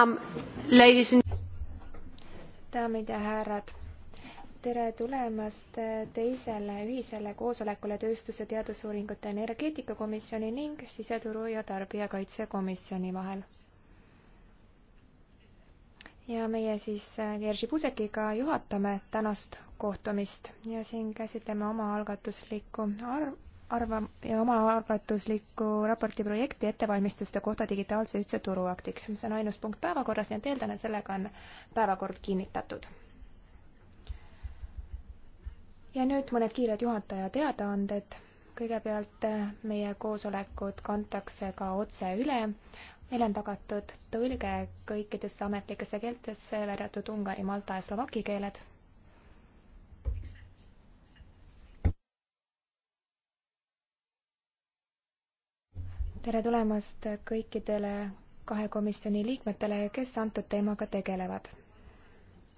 Um, daamid ja härrad, tere tulemast teisele ühisele koosolekule Tööstuse Teadusuuringute Energeetikakomisjoni ning Siseturu ja Tarbijakaitsekomisjoni vahel. ja meie siis Jerzy Puusekiga juhatame tänast kohtumist ja siin käsitleme omaalgatuslikku arv-, arvam- ja omaalgatusliku raporti projekti ettevalmistuste kohta digitaalse ühtse turu aktiks. see on ainus punkt päevakorras, nii et eeldan, et sellega on päevakord kinnitatud. ja nüüd mõned kiired juhataja teadaanded. kõigepealt eh, meie koosolekud kantakse ka otse üle. meil on tagatud tõlge kõikidesse ametlikesse keeltesse, välja arvatud ungari, malta ja slovaki keeled tere tulemast kõikidele kahe komisjoni liikmetele, kes antud teemaga tegelevad.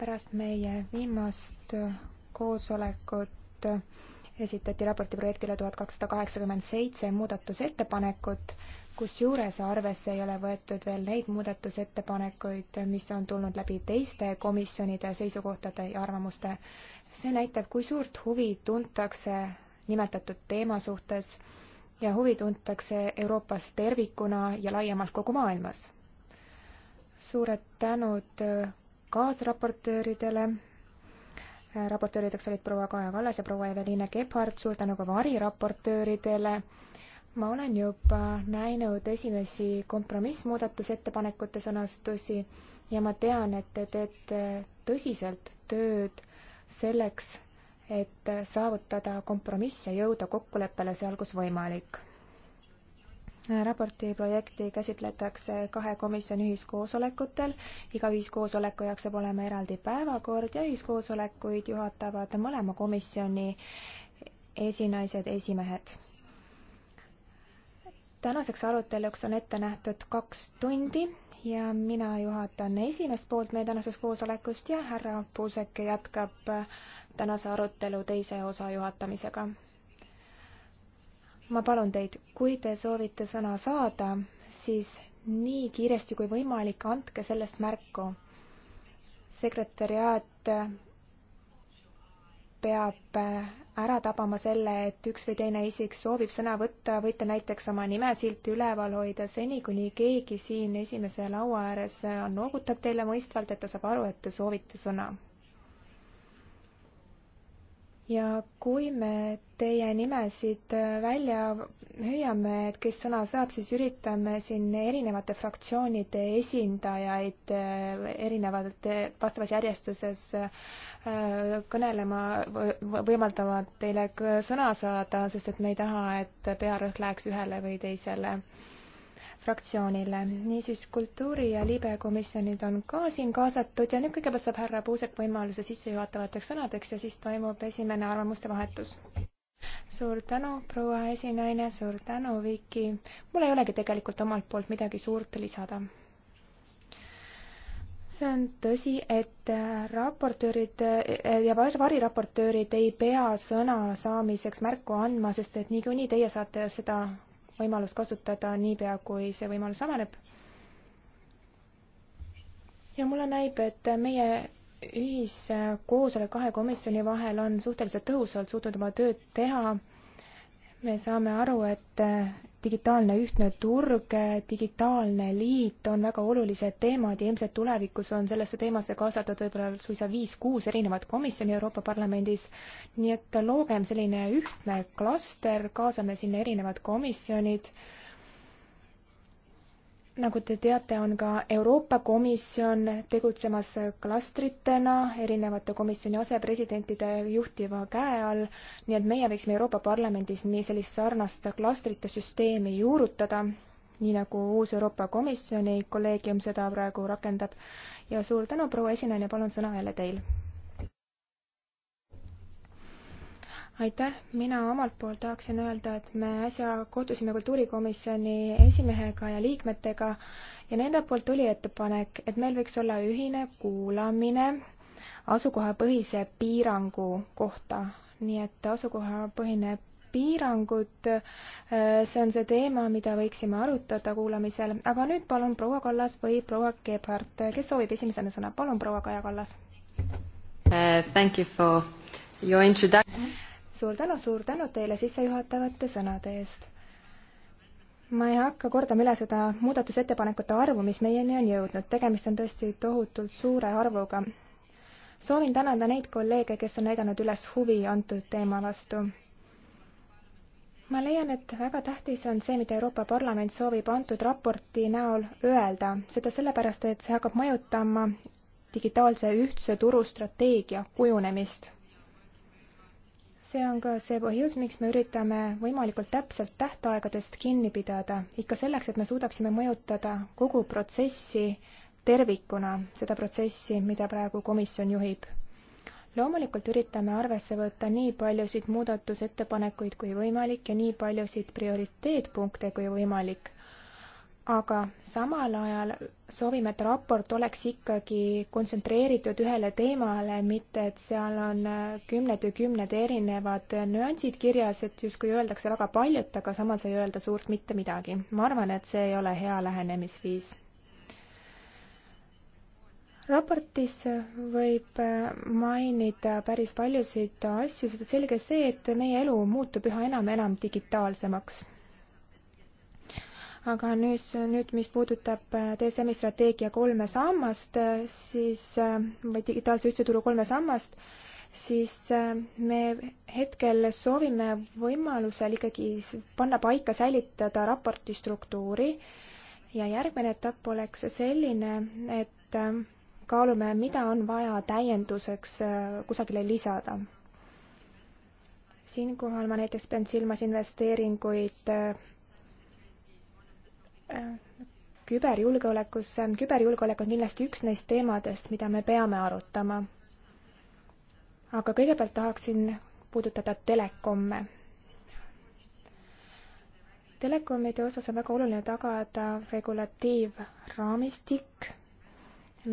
pärast meie viimast koosolekut esitati raporti projektile tuhat kakssada kaheksakümmend seitse muudatusettepanekut, kusjuures arvesse ei ole võetud veel neid muudatusettepanekuid, mis on tulnud läbi teiste komisjonide seisukohtade ja arvamuste. see näitab, kui suurt huvi tuntakse nimetatud teema suhtes ja huvi tuntakse Euroopas tervikuna ja laiemalt kogu maailmas. suured tänud äh, kaasraportööridele, äh, raportöörideks olid proua Kaja Kallas ja proua Eveliina Gebhardt, suur tänu ka variraportööridele. ma olen juba näinud esimesi kompromissmuudatusettepanekute sõnastusi ja ma tean, et te teete tõsiselt tööd selleks, et saavutada kompromiss ja jõuda kokkuleppele seal, kus võimalik. raporti projekti käsitletakse kahe komisjoni ühiskoosolekutel, iga ühiskoosoleku jaoks saab olema eraldi päevakord ja ühiskoosolekuid juhatavad mõlema komisjoni esinaised, esimehed. tänaseks aruteluks on ette nähtud kaks tundi ja mina juhatan esimest poolt meie tänasest koosolekust ja härra Puusek jätkab äh, tänase arutelu teise osa juhatamisega. ma palun teid, kui te soovite sõna saada, siis nii kiiresti kui võimalik andke sellest märku sekretäriaat peab äh, ära tabama selle, et üks või teine isik soovib sõna võtta, võite näiteks oma nimesilti üleval hoida seni, kuni keegi siin esimese laua ääres äh, noogutab teile mõistvalt, et ta saab aru, et te soovite sõna ja kui me teie nimesid äh, välja hüüame, et kes sõna saab, siis üritame siin erinevate fraktsioonide esindajaid äh, erinevalt, äh, vastavas järjestuses kõnelema, võimaldavad teile sõna saada, sest et me ei taha, et pearõhk läheks ühele või teisele fraktsioonile. niisiis, kultuuri- ja libekomisjonid on ka siin kaasatud ja nüüd kõigepealt saab härra Puusek võimaluse sissejuhatavateks sõnadeks ja siis toimub esimene arvamuste vahetus. suur tänu, proua esinaine, suur tänu, Viki. mul ei olegi tegelikult omalt poolt midagi suurt lisada. see on tõsi, et raportöörid ja variraportöörid ei pea sõna saamiseks märku andma, sest et niikuinii teie saate seda võimalust kasutada niipea, kui see võimalus avaneb. ja mulle näib, et meie ühiskoosolek kahe komisjoni vahel on suhteliselt tõhusalt suutnud oma tööd teha. me saame aru, et digitaalne ühtne turg, digitaalne liit on väga olulised teemad ja ilmselt tulevikus on sellesse teemasse kaasatud võib-olla suisa viis-kuus erinevat komisjoni Euroopa Parlamendis. nii et loogem selline ühtne klaster, kaasame sinna erinevad komisjonid nagu te teate, on ka Euroopa Komisjon tegutsemas klastritena erinevate komisjoni asepresidentide juhtiva käe all, nii et meie võiksime Euroopa Parlamendis nii sellist sarnast klastrite süsteemi juurutada, nii nagu uus Euroopa Komisjoni kolleegium seda praegu rakendab. ja suur tänu, proua esinaine, palun sõna jälle teil aitäh, mina omalt poolt tahaksin öelda, et me äsja kohtusime kultuurikomisjoni esimehega ja liikmetega ja nende poolt tuli ettepanek, et meil võiks olla ühine kuulamine asukohapõhise piirangu kohta, nii et asukohapõhine piirangud, äh, see on see teema, mida võiksime arutada kuulamisel, aga nüüd palun proua Kallas või proua Gebhardt, kes soovib esimesena sõna, palun proua Kaja Kallas uh,. Thank you for your introduction suur tänu, suur tänu teile sissejuhatavate sõnade eest. ma ei hakka kordama üle seda muudatusettepanekute arvu, mis meieni on jõudnud, tegemist on tõesti tohutult suure arvuga. soovin tänada neid kolleege, kes on näidanud üles huvi antud teema vastu ma leian, et väga tähtis on see, mida Euroopa Parlament soovib antud raporti näol öelda, seda sellepärast, et see hakkab mõjutama digitaalse ühtse turu strateegia kujunemist see on ka see põhjus, miks me üritame võimalikult täpselt tähtaegadest kinni pidada, ikka selleks, et me suudaksime mõjutada kogu protsessi tervikuna, seda protsessi, mida praegu komisjon juhib. loomulikult üritame arvesse võtta nii paljusid muudatusettepanekuid kui võimalik ja nii paljusid prioriteetpunkte kui võimalik aga samal ajal soovime, et raport oleks ikkagi kontsentreeritud ühele teemale, mitte et seal on äh, kümned ja kümned erinevad äh, nüansid kirjas, et justkui öeldakse väga paljut, aga samas ei öelda suurt mitte midagi. ma arvan, et see ei ole hea lähenemisviis raportis võib äh, mainida päris paljusid asju, sest selge see, et meie elu muutub üha enam ja enam digitaalsemaks aga nüüd, nüüd, mis puudutab äh, DSM-i strateegia kolme sammast, siis äh, või digitaalse ühtse turu kolme sammast, siis äh, me hetkel soovime võimalusel ikkagi panna paika, säilitada raporti struktuuri ja järgmine etapp oleks selline, et kaalume, mida on vaja täienduseks kusagile lisada siinkohal ma näiteks pean silmas investeeringuid küberjulgeolekusse. küberjulgeolek on kindlasti üks neist teemadest, mida me peame arutama. aga kõigepealt tahaksin puudutada telekomme. telekomide osas on väga oluline tagada regulatiivraamistik,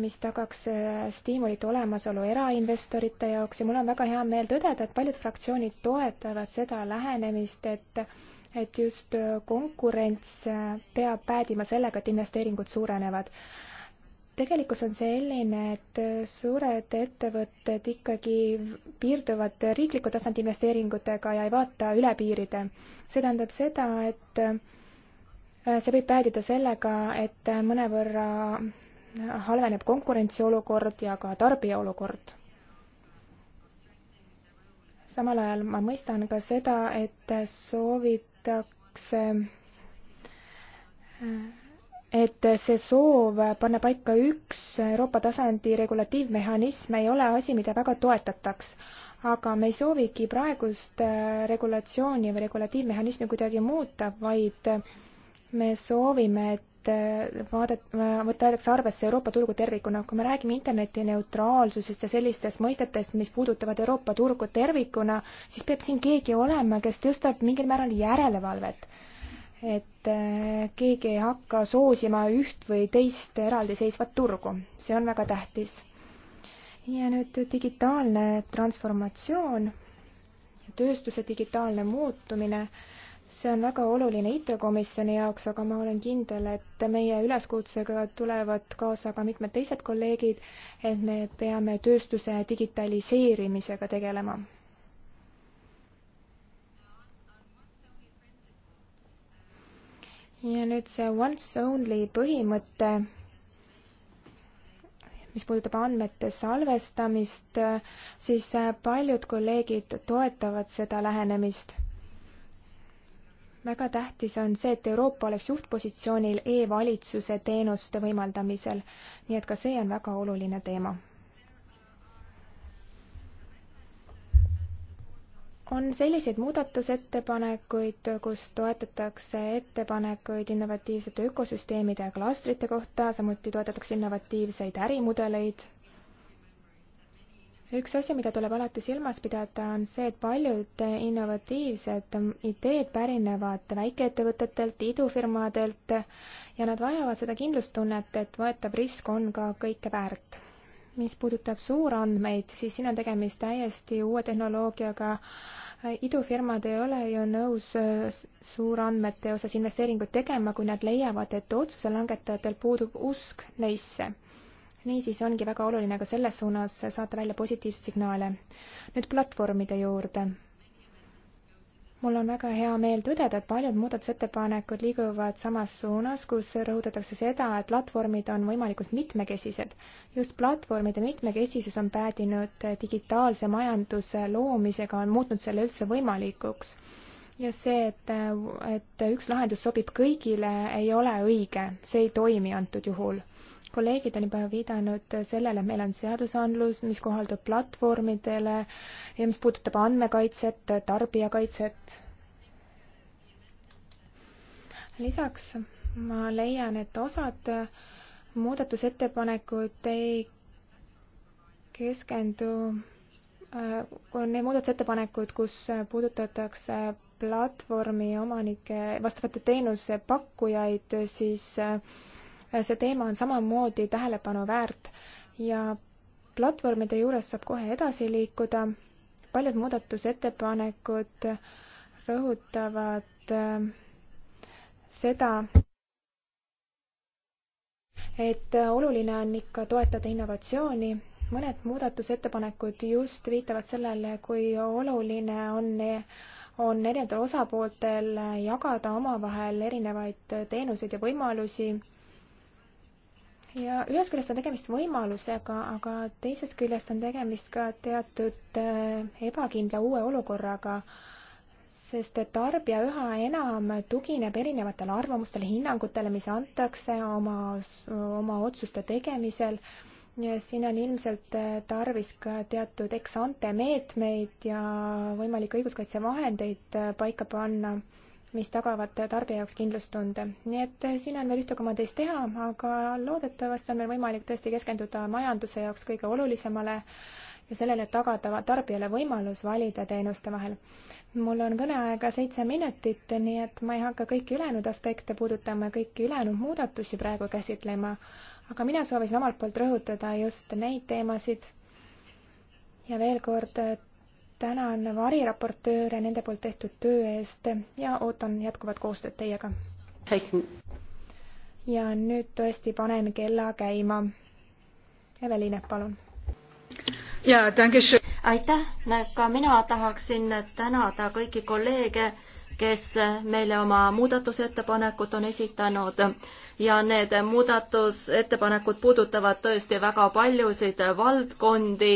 mis tagaks äh, stiimulite olemasolu erainvestorite jaoks ja mul on väga hea meel tõdeda, et paljud fraktsioonid toetavad seda lähenemist, et et just äh, konkurents äh, peab päädima sellega, et investeeringud suurenevad tegelikkus on selline, et äh, suured ettevõtted ikkagi piirduvad riikliku tasandi investeeringutega ja ei vaata üle piiride. see tähendab seda, et see võib päädida sellega, et mõnevõrra halveneb konkurentsiolukord ja ka tarbija olukord. samal ajal ma mõistan ka seda, et soovid leitakse, et see soov panna paika üks Euroopa tasandi regulatiivmehhanism ei ole asi, mida väga toetataks. aga me ei soovigi praegust regulatsiooni või regulatiivmehhanismi kuidagi muuta, vaid me soovime, et vaadet, võtta selleks arvesse Euroopa turgu tervikuna. kui me räägime interneti neutraalsusest ja sellistest mõistetest, mis puudutavad Euroopa turgu tervikuna, siis peab siin keegi olema, kes tõstab mingil määral järelevalvet. et eh, keegi ei hakka soosima üht või teist eraldiseisvat turgu. see on väga tähtis. ja nüüd digitaalne transformatsioon, tööstuse digitaalne muutumine see on väga oluline IT-komisjoni jaoks, aga ma olen kindel, et meie üleskutsega tulevad kaasa ka mitmed teised kolleegid, et me peame tööstuse digitaliseerimisega tegelema. ja nüüd see once only põhimõte, mis puudutab andmete salvestamist, siis paljud kolleegid toetavad seda lähenemist väga tähtis on see, et Euroopa oleks juhtpositsioonil e-valitsuse teenuste võimaldamisel. nii et ka see on väga oluline teema. on selliseid muudatusettepanekuid, kus toetatakse ettepanekuid innovatiivsete ökosüsteemide ja klastrite kohta, samuti toetatakse innovatiivseid ärimudeleid üks asi, mida tuleb alati silmas pidada, on see, et paljud innovatiivsed ideed pärinevad väikeettevõtetelt, idufirmadelt ja nad vajavad seda kindlustunnet, et võetav risk on ka kõike väärt. mis puudutab suurandmeid, siis siin on tegemist täiesti uue tehnoloogiaga. idufirmad ei ole ju nõus suurandmete osas investeeringuid tegema, kui nad leiavad, et otsuse langetajatel puudub usk neisse niisiis ongi väga oluline ka selles suunas saata välja positiivseid signaale. nüüd platvormide juurde. mul on väga hea meel tõdeda, et paljud muudatusettepanekud liiguvad samas suunas, kus rõhutatakse seda, et platvormid on võimalikult mitmekesised. just platvormide mitmekesisus on päädinud digitaalse majanduse loomisega, on muutnud selle üldse võimalikuks ja see, et, et üks lahendus sobib kõigile, ei ole õige, see ei toimi antud juhul kolleegid on juba viidanud sellele, et meil on seadusandlus, mis kohaldub platvormidele ja mis puudutab andmekaitset, tarbijakaitset. lisaks ma leian, et osad muudatusettepanekud ei keskendu, äh, on need muudatusettepanekud, kus puudutatakse platvormi omanike, vastavate teenusepakkujaid, siis äh, see teema on samamoodi tähelepanu väärt ja platvormide juures saab kohe edasi liikuda. paljud muudatusettepanekud rõhutavad äh, seda, et oluline on ikka toetada innovatsiooni, mõned muudatusettepanekud just viitavad sellele, kui oluline on on erinevatel osapooltel jagada omavahel erinevaid teenuseid ja võimalusi ja ühest küljest on tegemist võimalusega, aga teisest küljest on tegemist ka teatud äh, ebakindla uue olukorraga, sest et tarbija üha enam tugineb erinevatele arvamustele, hinnangutele, mis antakse oma, oma otsuste tegemisel. siin on ilmselt äh, tarvis ka teatud eksante meetmeid ja võimalikke õiguskaitsevahendeid äh, paika panna mis tagavad tarbija jaoks kindlustunde. nii et eh, siin on veel ühte koma teist teha, aga loodetavasti on meil võimalik tõesti keskenduda majanduse jaoks kõige olulisemale ja sellele tagada tarbijale võimalus valida teenuste vahel. mul on kõneaega seitse minutit, nii et ma ei hakka kõiki ülejäänud aspekte puudutama, kõiki ülejäänud muudatusi praegu käsitlema, aga mina soovisin omalt poolt rõhutada just neid teemasid ja veel kord tänan variraportööre nende poolt tehtud töö eest ja ootan jätkuvat koostööd teiega. ja nüüd tõesti panen kella käima. Eveline, palun. jaa, aitäh, ka mina tahaksin tänada kõiki kolleege, kes meile oma muudatusettepanekud on esitanud ja need muudatusettepanekud puudutavad tõesti väga paljusid valdkondi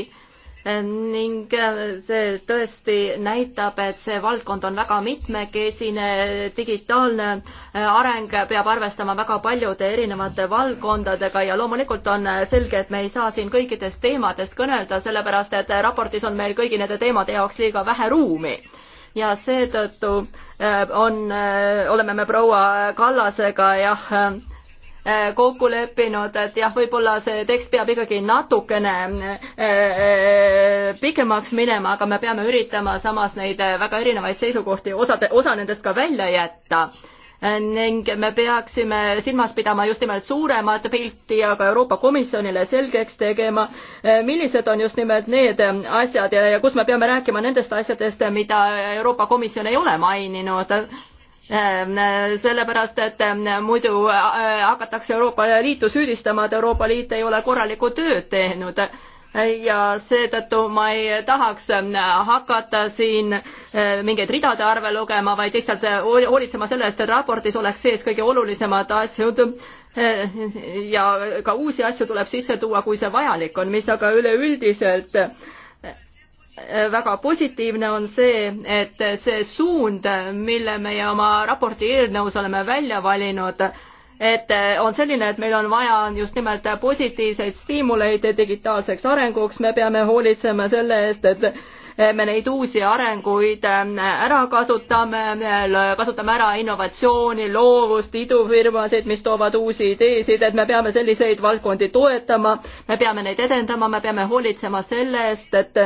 ning äh, see tõesti näitab, et see valdkond on väga mitmekesine, digitaalne äh, areng peab arvestama väga paljude erinevate valdkondadega ja loomulikult on äh, selge, et me ei saa siin kõikidest teemadest kõnelda, sellepärast et raportis on meil kõigi nende teemade jaoks liiga vähe ruumi ja seetõttu on, oleme me proua Kallasega jah, Äh, kokku leppinud, et jah, võib-olla see tekst peab ikkagi natukene äh, äh, pikemaks minema, aga me peame üritama samas neid väga erinevaid seisukohti, osade, osa nendest ka välja jätta ning me peaksime silmas pidama just nimelt suuremat pilti ja ka Euroopa Komisjonile selgeks tegema, millised on just nimelt need asjad ja, ja kus me peame rääkima nendest asjadest, mida Euroopa Komisjon ei ole maininud Ehm, sellepärast, et ehm, muidu äh, hakatakse Euroopa Liitu süüdistama, et Euroopa Liit ei ole korralikku tööd teinud ja seetõttu ma ei tahaks ehm, hakata siin mingeid ridade arve lugema, vaid lihtsalt äh, hoolitsema selle eest, et raportis oleks sees kõige olulisemad asjad ja ka uusi asju tuleb sisse tuua, kui see vajalik on, mis aga üleüldiselt väga positiivne on see, et see suund, mille meie oma raporti eelnõus oleme välja valinud, et on selline, et meil on vaja just nimelt positiivseid stiimuleid digitaalseks arenguks, me peame hoolitsema selle eest, et me neid uusi arenguid ähm, ära kasutame, äh, kasutame ära innovatsiooni, loovust, idufirmasid, mis toovad uusi ideesid, et me peame selliseid valdkondi toetama, me peame neid edendama, me peame hoolitsema selle eest, et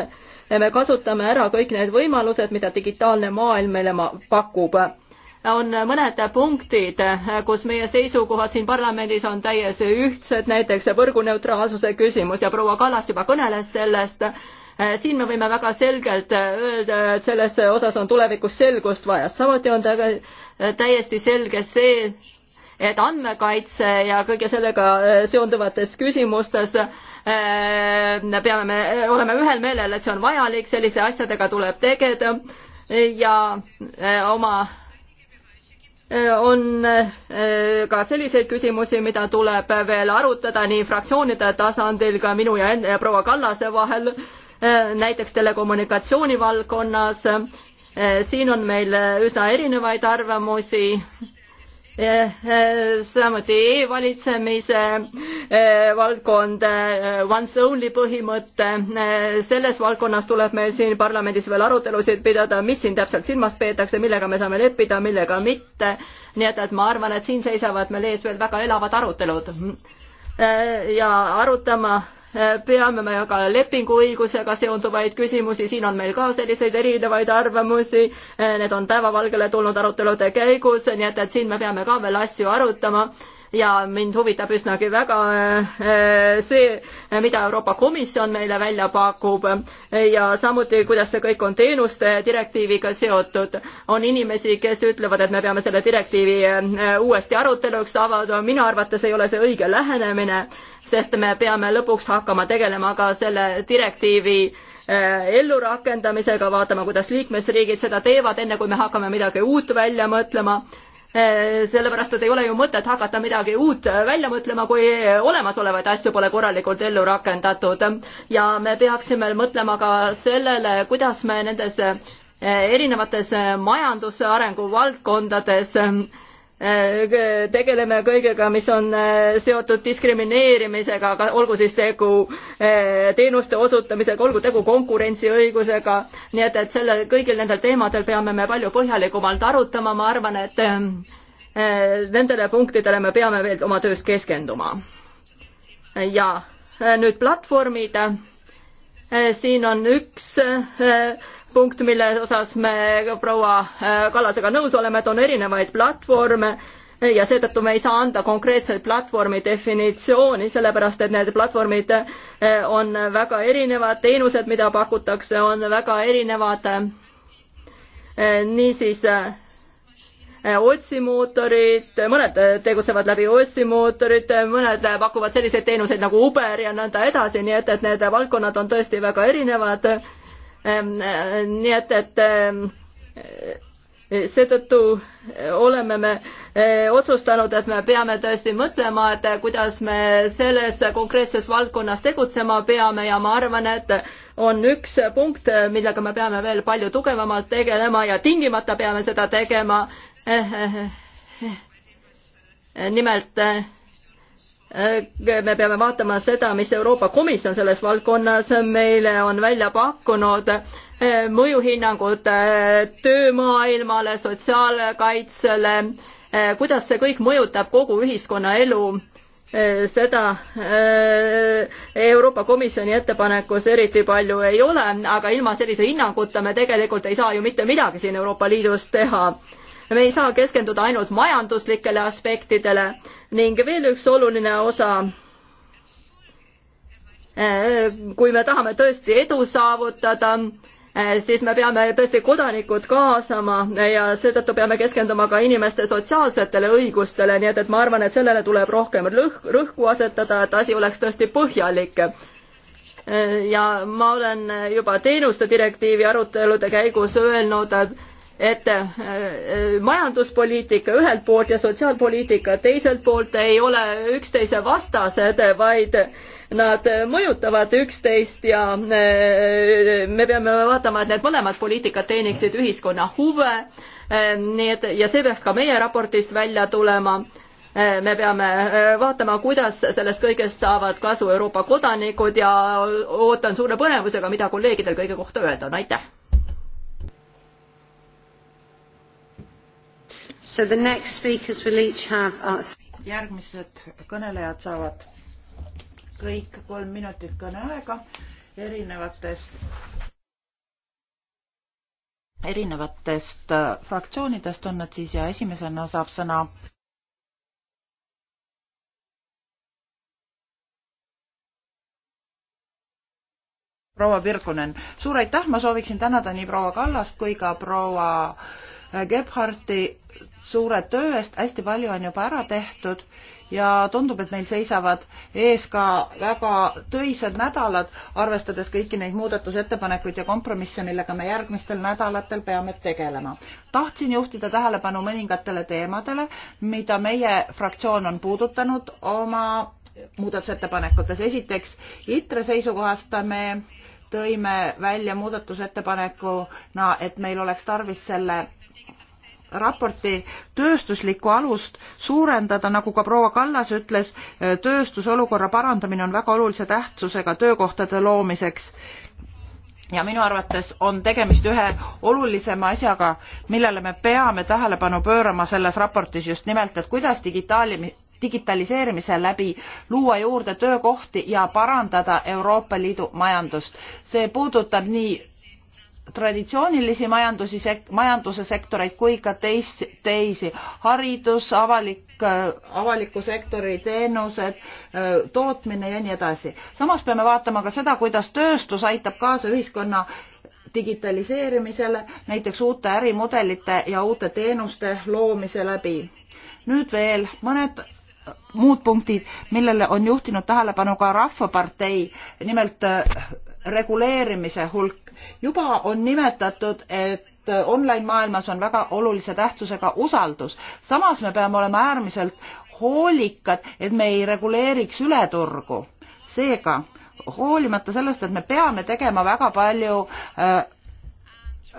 me kasutame ära kõik need võimalused, mida digitaalne maailm meile pakub on mõned punktid, kus meie seisukohad siin parlamendis on täiesti ühtsed, näiteks võrguneutraalsuse küsimus ja proua Kallas juba kõneles sellest Äh, siin me võime väga selgelt äh, öelda, et selles osas on tulevikus selgust vaja, samuti on äh, täiesti selge see, et andmekaitse ja kõige sellega seonduvates küsimustes peame me, oleme ühel meelel, et see on vajalik, selliste asjadega tuleb tegeleda ja oma on ka selliseid küsimusi, mida tuleb veel arutada nii fraktsioonide tasandil ka minu ja, ja proua Kallase vahel Äh, näiteks telekommunikatsiooni valdkonnas. Äh, siin on meil üsna erinevaid arvamusi äh, samuti e-valitsemise valdkond, once only põhimõte, selles valdkonnas tuleb meil siin parlamendis veel arutelusid pidada, mis siin täpselt silmas peetakse, millega me saame leppida, millega mitte. nii et, et ma arvan, et siin seisavad meil ees veel väga elavad arutelud. ja arutama peame me aga lepinguõigusega seonduvaid küsimusi, siin on meil ka selliseid erinevaid arvamusi, need on päevavalgele tulnud arutelude käigus, nii et, et siin me peame ka veel asju arutama ja mind huvitab üsnagi väga äh, see, mida Euroopa Komisjon meile välja pakub ja samuti, kuidas see kõik on teenuste direktiiviga seotud. on inimesi, kes ütlevad, et me peame selle direktiivi äh, uuesti aruteluks avaldama, minu arvates ei ole see õige lähenemine, sest me peame lõpuks hakkama tegelema ka selle direktiivi äh, ellurakendamisega, vaatama, kuidas liikmesriigid seda teevad, enne kui me hakkame midagi uut välja mõtlema Eh, sellepärast et ei ole ju mõtet hakata midagi uut eh, välja mõtlema, kui olemasolevaid asju pole korralikult ellu rakendatud. ja me peaksime mõtlema ka sellele, kuidas me nendes eh, erinevates majanduse arenguvaldkondades Äh, tegeleme kõigega, mis on äh, seotud diskrimineerimisega, aga olgu siis tegu äh, teenuste osutamisega, olgu tegu konkurentsiõigusega, nii et, et selle, kõigil nendel teemadel peame me palju põhjalikumalt arutama, ma arvan, et ähm, nendele punktidele me peame veel oma töös keskenduma. ja nüüd platvormid. siin on üks punkt, mille osas me proua äh, Kallasega nõus oleme, et on erinevaid platvorme äh, ja seetõttu me ei saa anda konkreetseid platvormi definitsiooni, sellepärast et need platvormid äh, on väga erinevad, teenused, mida pakutakse, on väga erinevad. niisiis otsimootorid, mõned tegutsevad läbi otsimootorid, mõned pakuvad selliseid teenuseid nagu Uber ja nõnda edasi, nii et, et need valdkonnad on tõesti väga erinevad Ehm, eh, nii et, et ehm, eh, seetõttu oleme me eh, otsustanud, et me peame tõesti mõtlema, et kuidas me selles konkreetses valdkonnas tegutsema peame ja ma arvan, et on üks punkt, millega me peame veel palju tugevamalt tegelema ja tingimata peame seda tegema. nimelt Äh, me peame vaatama seda, mis Euroopa Komisjon selles valdkonnas meile on välja pakkunud, äh, mõjuhinnangud äh, töömaailmale, sotsiaalkaitsele, kuidas see kõik mõjutab kogu ühiskonnaelu, seda Euroopa Komisjoni ettepanekus eriti palju ei ole, aga ilma sellise hinnanguta me tegelikult ei saa ju mitte midagi siin Euroopa Liidus teha. me ei saa keskenduda ainult majanduslikele aspektidele ning veel üks oluline osa äh, kui me tahame tõesti edu saavutada, äh, siis me peame tõesti kodanikud kaasama ja seetõttu peame keskenduma ka inimeste sotsiaalsetele õigustele, nii et, et ma arvan, et sellele tuleb rohkem lõh-, rõhku asetada, et asi oleks tõesti põhjalik. Äh, ja ma olen juba teenuste direktiivi arutelude käigus öelnud, et et äh, majanduspoliitika ühelt poolt ja sotsiaalpoliitika teiselt poolt ei ole üksteise vastased, vaid nad mõjutavad üksteist ja äh, me peame vaatama, et need mõlemad poliitikad teeniksid ühiskonna huve. Äh, nii et ja see peaks ka meie raportist välja tulema me peame vaatama, kuidas sellest kõigest saavad kasu Euroopa kodanikud ja ootan suure põnevusega, mida kolleegidel kõige kohta öelda on, aitäh! So the next speakers will each have uh, järgmised kõnelejad saavad kõik kolm minutit kõneaega erinevatest erinevatest äh, fraktsioonidest on nad siis ja esimesena saab sõna proua Virkunen. suur aitäh, ma sooviksin tänada nii proua Kallast kui ka proua äh, Gebharti suure töö eest, hästi palju on juba ära tehtud ja tundub, et meil seisavad ees ka väga töised nädalad, arvestades kõiki neid muudatusettepanekuid ja kompromisse, millega me järgmistel nädalatel peame tegelema. tahtsin juhtida tähelepanu mõningatele teemadele, mida meie fraktsioon on puudutanud oma muudatusettepanekutes. esiteks, ITRE seisukohast me tõime välja muudatusettepanekuna, et meil oleks tarvis selle raporti tööstuslikku alust suurendada, nagu ka proua Kallas ütles, tööstusolukorra parandamine on väga olulise tähtsusega töökohtade loomiseks. ja minu arvates on tegemist ühe olulisema asjaga, millele me peame tähelepanu pöörama selles raportis just nimelt, et kuidas digitaali-, digitaliseerimise läbi luua juurde töökohti ja parandada Euroopa Liidu majandust. see puudutab nii traditsioonilisi majandusi, majanduse sektoreid kui ka teis, teisi. haridus, avalik, äh, avaliku sektori teenused, äh, tootmine ja nii edasi. samas peame vaatama ka seda, kuidas tööstus aitab kaasa ühiskonna digitaliseerimisele, näiteks uute ärimudelite ja uute teenuste loomise läbi. nüüd veel mõned muud punktid, millele on juhtinud tähelepanu ka Rahvapartei, nimelt äh, reguleerimise hulk juba on nimetatud, et online-maailmas on väga olulise tähtsusega usaldus. samas me peame olema äärmiselt hoolikad, et me ei reguleeriks üle turgu. seega hoolimata sellest, et me peame tegema väga palju äh,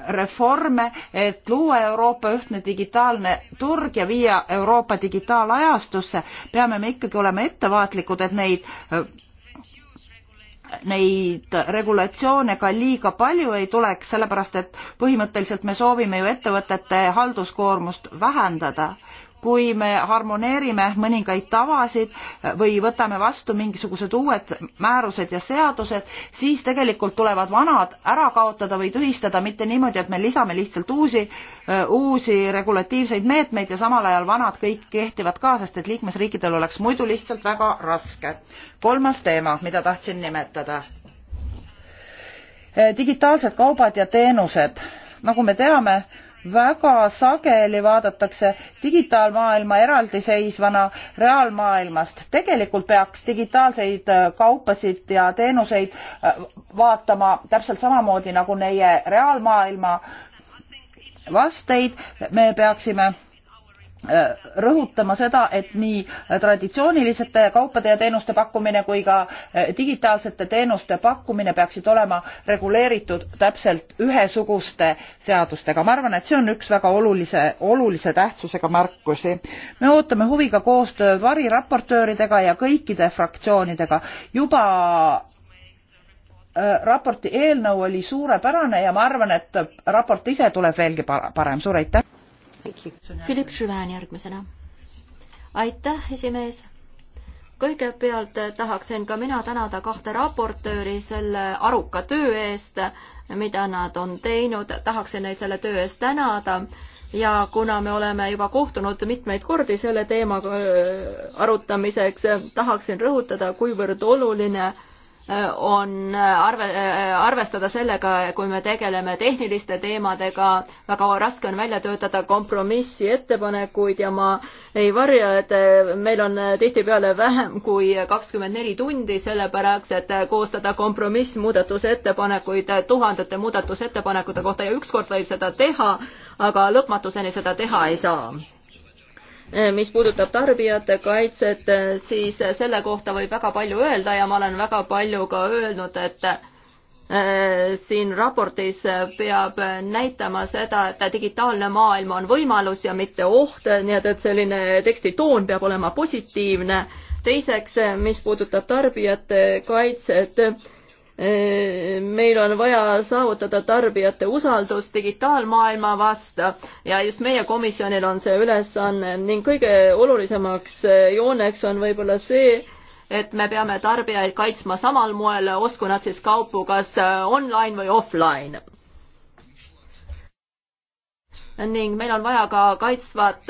reforme, et luua Euroopa ühtne digitaalne turg ja viia Euroopa digitaalajastusse, peame me ikkagi olema ettevaatlikud, et neid äh, neid regulatsioone ka liiga palju ei tuleks, sellepärast et põhimõtteliselt me soovime ju ettevõtete halduskoormust vähendada kui me harmoneerime mõningaid tavasid või võtame vastu mingisugused uued määrused ja seadused, siis tegelikult tulevad vanad ära kaotada või tühistada, mitte niimoodi, et me lisame lihtsalt uusi, uusi regulatiivseid meetmeid ja samal ajal vanad kõik kehtivad ka, sest et liikmesriikidel oleks muidu lihtsalt väga raske. kolmas teema, mida tahtsin nimetada. digitaalsed kaubad ja teenused, nagu me teame, väga sageli vaadatakse digitaalmaailma eraldiseisvana reaalmaailmast. tegelikult peaks digitaalseid äh, kaupasid ja teenuseid äh, vaatama täpselt samamoodi nagu meie reaalmaailma vasteid. me peaksime Äh, rõhutama seda, et nii traditsioonilisete kaupade ja teenuste pakkumine kui ka äh, digitaalsete teenuste pakkumine peaksid olema reguleeritud täpselt ühesuguste seadustega. ma arvan, et see on üks väga olulise, olulise tähtsusega märkusi. me ootame huviga koostööd variraportööridega ja kõikide fraktsioonidega. juba äh, raporti eelnõu oli suurepärane ja ma arvan, et raport ise tuleb veelgi parem. suur aitäh! Philipp Chauvin järgmisena. aitäh, esimees kõigepealt tahaksin ka mina tänada kahte raportööri selle aruka töö eest, mida nad on teinud, tahaksin neid selle töö eest tänada ja kuna me oleme juba kohtunud mitmeid kordi selle teema äh, arutamiseks, tahaksin rõhutada, kuivõrd oluline on äh, arve, äh, arvestada sellega, kui me tegeleme tehniliste teemadega, väga raske on välja töötada kompromissi ettepanekuid ja ma ei varja, et äh, meil on tihtipeale vähem kui kakskümmend neli tundi, sellepärast et koostada kompromiss muudatusettepanekuid tuhandete muudatusettepanekute kohta ja ükskord võib seda teha, aga lõpmatuseni seda teha ei saa Eh, mis puudutab tarbijate kaitset, eh, siis selle kohta võib väga palju öelda ja ma olen väga palju ka öelnud, et eh, siin raportis peab näitama seda, et digitaalne maailm on võimalus ja mitte oht, nii et, et selline teksti toon peab olema positiivne. teiseks, mis puudutab tarbijate kaitset, meil on vaja saavutada tarbijate usaldus digitaalmaailma vastu ja just meie komisjonil on see ülesanne ning kõige olulisemaks jooneks on võib-olla see, et me peame tarbijaid kaitsma samal moel, ostku nad siis kaupu kas online või offline. ning meil on vaja ka kaitsvat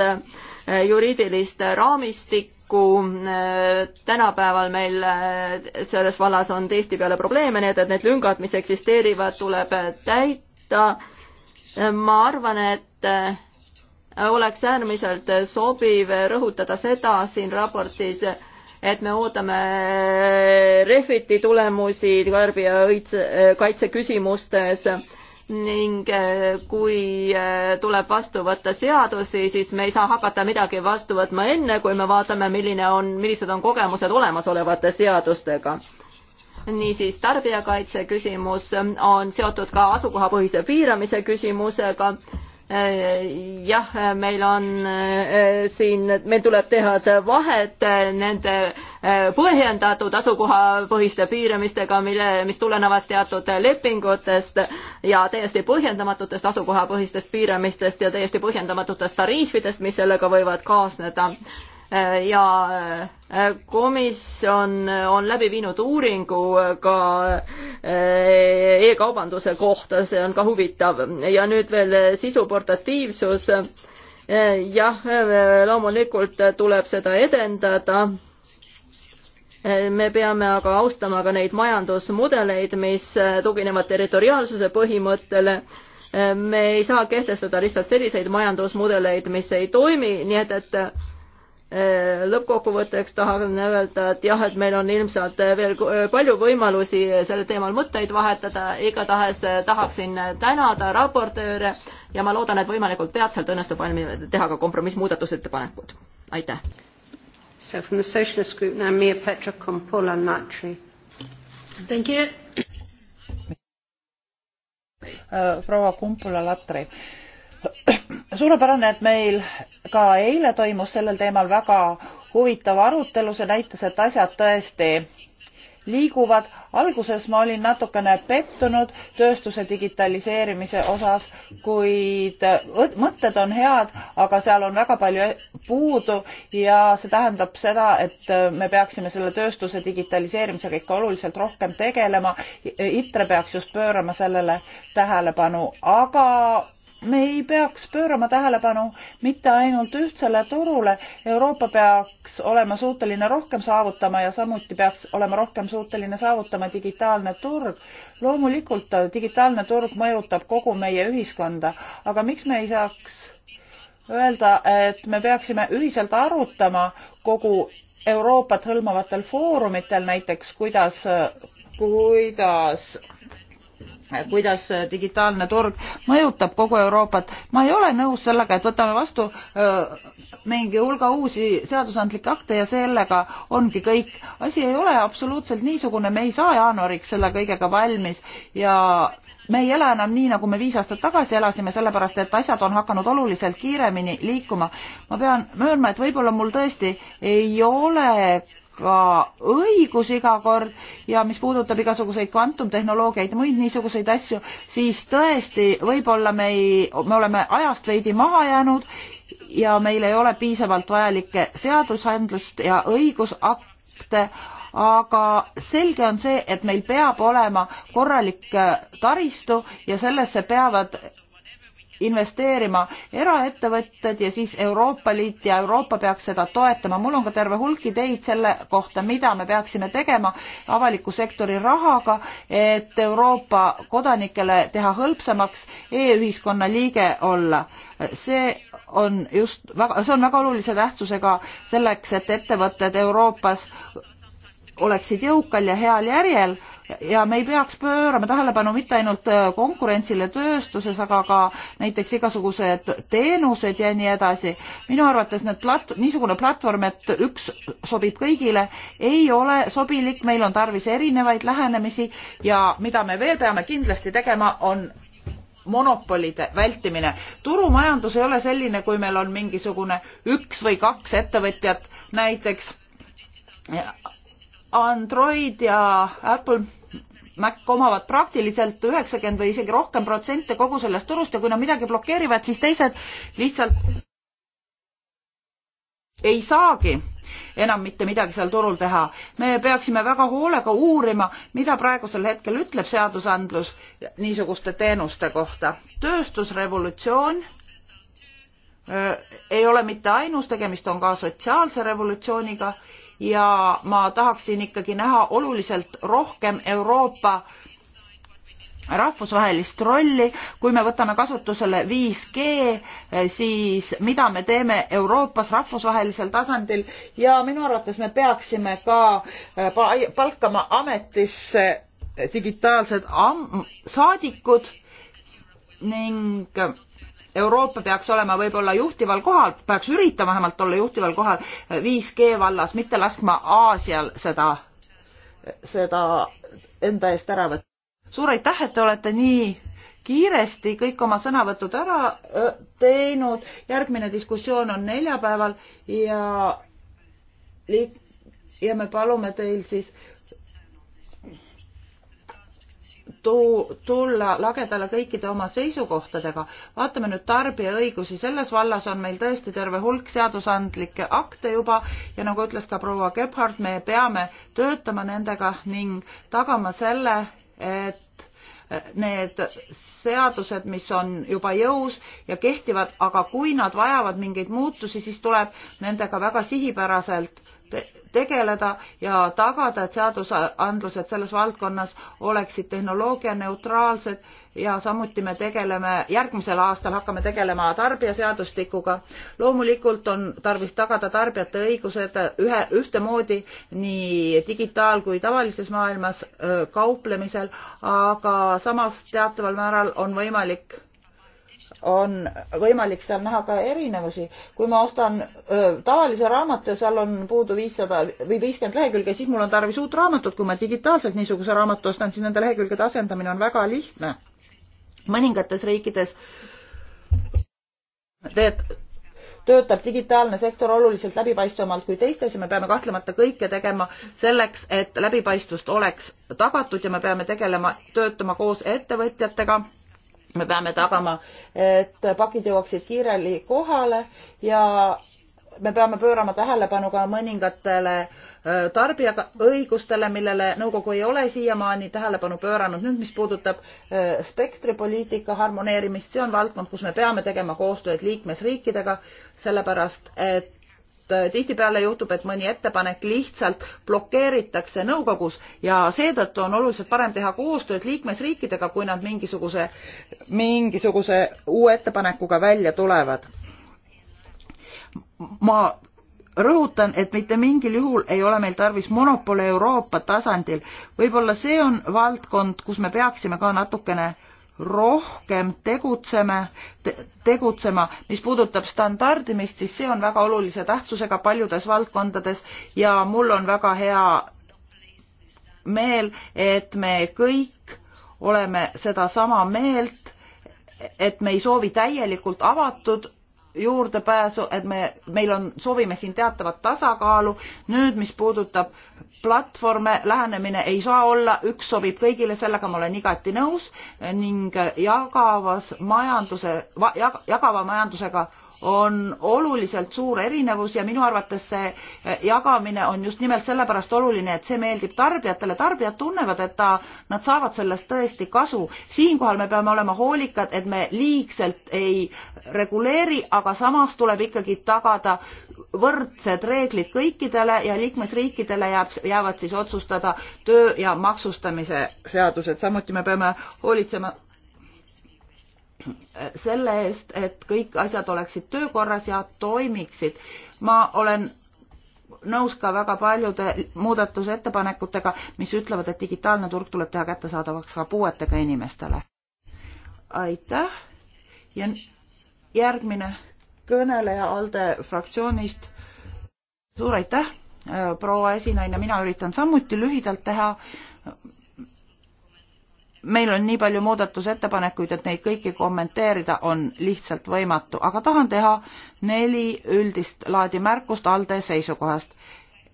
juriidilist raamistikku, paraku äh, tänapäeval meil äh, selles vallas on tihtipeale probleeme, nii et, et need lüngad, mis eksisteerivad, tuleb äh, täita. ma arvan, et oleks äärmiselt sobiv rõhutada seda siin raportis, et me ootame Refiti tulemusi tarbija kaitse küsimustes ning äh, kui äh, tuleb vastu võtta seadusi, siis me ei saa hakata midagi vastu võtma enne, kui me vaatame, milline on, millised on kogemused olemasolevate seadustega. niisiis, tarbijakaitse küsimus on seotud ka asukohapõhise piiramise küsimusega Äh, jah, meil on äh, siin, meil tuleb teha vahet äh, nende põhjendatud asukohapõhiste piiramistega, mille, mis tulenevad teatud lepingutest ja täiesti põhjendamatutest asukohapõhistest piiramistest ja täiesti põhjendamatutest tariifidest, mis sellega võivad kaasneda ja äh, komisjon on läbi viinud uuringu ka äh, e-kaubanduse kohta, see on ka huvitav ja nüüd veel sisu portatiivsus. Äh, jah, loomulikult tuleb seda edendada me peame aga austama ka neid majandusmudeleid, mis tuginevad territoriaalsuse põhimõttele. me ei saa kehtestada lihtsalt selliseid majandusmudeleid, mis ei toimi, nii et, et Äh, lõppkokkuvõtteks tahan öelda, et jah, et meil on ilmselt veel äh, palju võimalusi sellel teemal mõtteid vahetada, igatahes äh, tahaksin tänada raportööre ja ma loodan, et võimalikult peatselt õnnestub teha ka kompromissmuudatusettepanekud. aitäh. So from the socialist group now Mia Petra Kompola Natri. Thank you. proua Kumpola Latri suurepärane, et meil ka eile toimus sellel teemal väga huvitav arutelu, see näitas, et asjad tõesti liiguvad. alguses ma olin natukene pettunud tööstuse digitaliseerimise osas, kuid mõtted on head, aga seal on väga palju puudu ja see tähendab seda, et me peaksime selle tööstuse digitaliseerimisega ikka oluliselt rohkem tegelema. ITRE peaks just pöörama sellele tähelepanu, aga me ei peaks pöörama tähelepanu mitte ainult ühtsele turule, Euroopa peaks olema suuteline rohkem saavutama ja samuti peaks olema rohkem suuteline saavutama digitaalne turg. loomulikult äh, digitaalne turg mõjutab kogu meie ühiskonda, aga miks me ei saaks öelda, et me peaksime ühiselt arutama kogu Euroopat hõlmavatel foorumitel näiteks, kuidas, äh, kuidas kuidas digitaalne turg mõjutab kogu Euroopat. ma ei ole nõus sellega, et võtame vastu äh, mingi hulga uusi seadusandlikke akte ja sellega ongi kõik. asi ei ole absoluutselt niisugune, me ei saa jaanuariks selle kõigega valmis ja me ei ela enam nii, nagu me viis aastat tagasi elasime, sellepärast et asjad on hakanud oluliselt kiiremini liikuma. ma pean möönma, et võib-olla mul tõesti ei ole ka õigus iga kord ja mis puudutab igasuguseid kvantumtehnoloogiaid ja muid niisuguseid asju, siis tõesti, võib-olla me ei, me oleme ajast veidi maha jäänud ja meil ei ole piisavalt vajalikke seadusandlust ja õigusakte, aga selge on see, et meil peab olema korralik taristu ja sellesse peavad investeerima eraettevõtted ja siis Euroopa Liit ja Euroopa peaks seda toetama. mul on ka terve hulk ideid selle kohta, mida me peaksime tegema avaliku sektori rahaga, et Euroopa kodanikele teha hõlpsamaks e-ühiskonna liige olla. see on just väga, see on väga olulise tähtsusega selleks, et ettevõtted Euroopas oleksid jõukal ja heal järjel ja me ei peaks pöörama tähelepanu mitte ainult äh, konkurentsile tööstuses, aga ka näiteks igasugused teenused ja nii edasi. minu arvates need plat-, niisugune platvorm, et üks sobib kõigile, ei ole sobilik, meil on tarvis erinevaid lähenemisi ja mida me veel peame kindlasti tegema, on monopolide vältimine. turumajandus ei ole selline, kui meil on mingisugune üks või kaks ettevõtjat näiteks Android ja Apple Mac omavad praktiliselt üheksakümmend või isegi rohkem protsente kogu sellest turust ja kui nad midagi blokeerivad, siis teised lihtsalt ei saagi enam mitte midagi seal turul teha. me peaksime väga hoolega uurima, mida praegusel hetkel ütleb seadusandlus niisuguste teenuste kohta. tööstusrevolutsioon äh, ei ole mitte ainus, tegemist on ka sotsiaalse revolutsiooniga ja ma tahaksin ikkagi näha oluliselt rohkem Euroopa rahvusvahelist rolli, kui me võtame kasutusele 5G, eh, siis mida me teeme Euroopas rahvusvahelisel tasandil ja minu arvates me peaksime ka eh, palkama ametisse digitaalsed saadikud ning Euroopa peaks olema võib-olla juhtival kohal, peaks üritama vähemalt olla juhtival kohal 5G vallas, mitte laskma Aasial seda, seda enda eest ära võtta. suur aitäh, et te olete nii kiiresti kõik oma sõnavõtud ära teinud. järgmine diskussioon on neljapäeval ja liik- ja me palume teil siis too, tulla lagedale kõikide oma seisukohtadega. vaatame nüüd tarbijaõigusi, selles vallas on meil tõesti terve hulk seadusandlikke akte juba ja nagu ütles ka proua Gebhardt, me peame töötama nendega ning tagama selle, et need seadused, mis on juba jõus ja kehtivad, aga kui nad vajavad mingeid muutusi, siis tuleb nendega väga sihipäraselt tegeleda ja tagada, et seadusandlused selles valdkonnas oleksid tehnoloogianeutraalsed ja samuti me tegeleme, järgmisel aastal hakkame tegelema tarbijaseadustikuga. loomulikult on tarvis tagada tarbijate õigused ühe, ühtemoodi nii digitaal kui tavalises maailmas kauplemisel, aga samas teataval määral on võimalik on võimalik seal näha ka erinevusi. kui ma ostan öö, tavalise raamatu ja seal on puudu viissada või viiskümmend lehekülge, siis mul on tarvis uut raamatut. kui ma digitaalselt niisuguse raamatu ostan, siis nende lehekülgede asendamine on väga lihtne. mõningates riikides teed, töötab digitaalne sektor oluliselt läbipaistvamalt kui teistes ja me peame kahtlemata kõike tegema selleks, et läbipaistvust oleks tagatud ja me peame tegelema, töötama koos ettevõtjatega me peame tagama, et pakid jõuaksid kiireli kohale ja me peame pöörama tähelepanu ka mõningatele äh, tarbija õigustele, millele nõukogu ei ole siiamaani tähelepanu pööranud. nüüd, mis puudutab äh, spektripoliitika harmoneerimist, see on valdkond, kus me peame tegema koostööd liikmesriikidega, sellepärast et Äh, tihtipeale juhtub, et mõni ettepanek lihtsalt blokeeritakse nõukogus ja seetõttu on oluliselt parem teha koostööd liikmesriikidega, kui nad mingisuguse, mingisuguse uue ettepanekuga välja tulevad. ma rõhutan, et mitte mingil juhul ei ole meil tarvis monopole Euroopa tasandil. võib-olla see on valdkond, kus me peaksime ka natukene rohkem tegutseme te,, tegutsema. mis puudutab standardimist, siis see on väga olulise tähtsusega paljudes valdkondades ja mul on väga hea meel, et me kõik oleme sedasama meelt, et me ei soovi täielikult avatud juurdepääsu, et me, meil on, soovime siin teatavat tasakaalu. nüüd, mis puudutab platvorme, lähenemine ei saa olla, üks sobib kõigile, sellega ma olen igati nõus ning jagavas majanduse, jagava majandusega on oluliselt suur erinevus ja minu arvates see eh, jagamine on just nimelt sellepärast oluline, et see meeldib tarbijatele, tarbijad tunnevad, et ta, nad saavad sellest tõesti kasu. siinkohal me peame olema hoolikad, et me liigselt ei reguleeri, aga aga samas tuleb ikkagi tagada võrdsed reeglid kõikidele ja liikmesriikidele jääb, jäävad siis otsustada töö ja maksustamise seadused, samuti me peame hoolitsema selle eest, et kõik asjad oleksid töökorras ja toimiksid. ma olen nõus ka väga paljude muudatusettepanekutega, mis ütlevad, et digitaalne turg tuleb teha kättesaadavaks ka puuetega inimestele. aitäh ja järgmine kõneleja ALDE fraktsioonist. suur aitäh, äh, proua esinaine, mina üritan samuti lühidalt teha. meil on nii palju muudatusettepanekuid, et neid kõiki kommenteerida on lihtsalt võimatu, aga tahan teha neli üldist laadi märkust ALDE seisukohast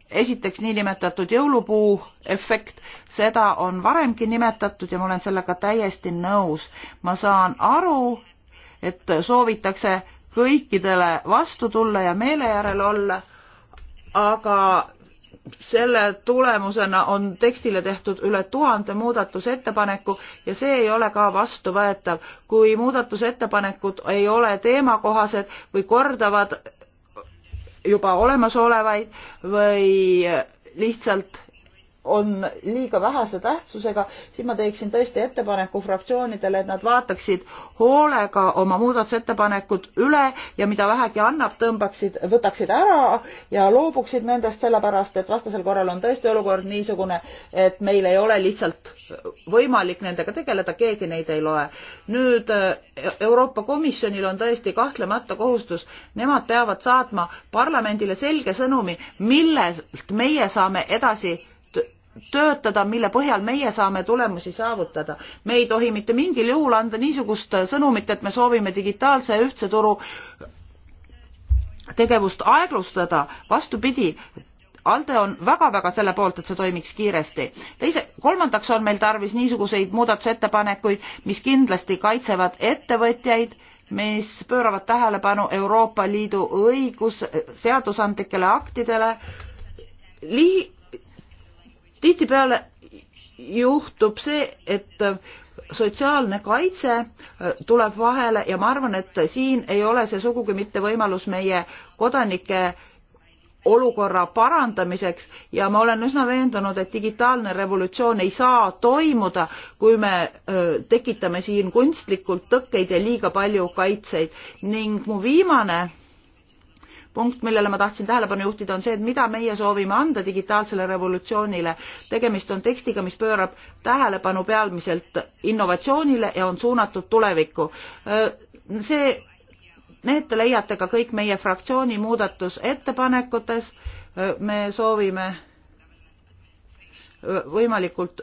esiteks niinimetatud jõulupuu efekt, seda on varemgi nimetatud ja ma olen sellega täiesti nõus. ma saan aru, et soovitakse kõikidele vastu tulla ja meele järel olla, aga selle tulemusena on tekstile tehtud üle tuhande muudatusettepaneku ja see ei ole ka vastuvõetav. kui muudatusettepanekud ei ole teemakohased või kordavad juba olemasolevaid või lihtsalt on liiga vähese tähtsusega, siis ma teeksin tõesti ettepaneku fraktsioonidele, et nad vaataksid hoolega oma muudatusettepanekud üle ja mida vähegi annab, tõmbaksid, võtaksid ära ja loobuksid nendest, sellepärast et vastasel korral on tõesti olukord niisugune, et meil ei ole lihtsalt võimalik nendega tegeleda, keegi neid ei loe. nüüd e-, Euroopa Komisjonil on tõesti kahtlemata kohustus, nemad peavad saatma parlamendile selge sõnumi, millest meie saame edasi töötada, mille põhjal meie saame tulemusi saavutada. me ei tohi mitte mingil juhul anda niisugust sõnumit, et me soovime digitaalse ühtse turu tegevust aeglustada, vastupidi, ALDE on väga-väga selle poolt, et see toimiks kiiresti. teise, kolmandaks on meil tarvis niisuguseid muudatusettepanekuid, mis kindlasti kaitsevad ettevõtjaid, mis pööravad tähelepanu Euroopa Liidu õigus, seadusandlikele aktidele, li-, tihtipeale juhtub see, et sotsiaalne kaitse äh, tuleb vahele ja ma arvan, et siin ei ole see sugugi mitte võimalus meie kodanike olukorra parandamiseks ja ma olen üsna veendunud, et digitaalne revolutsioon ei saa toimuda, kui me äh, tekitame siin kunstlikult tõkkeid ja liiga palju kaitseid ning mu viimane punkt, millele ma tahtsin tähelepanu juhtida, on see, et mida meie soovime anda digitaalsele revolutsioonile. tegemist on tekstiga, mis pöörab tähelepanu pealmiselt innovatsioonile ja on suunatud tulevikku. see, need te leiate ka kõik meie fraktsiooni muudatusettepanekutes. me soovime võimalikult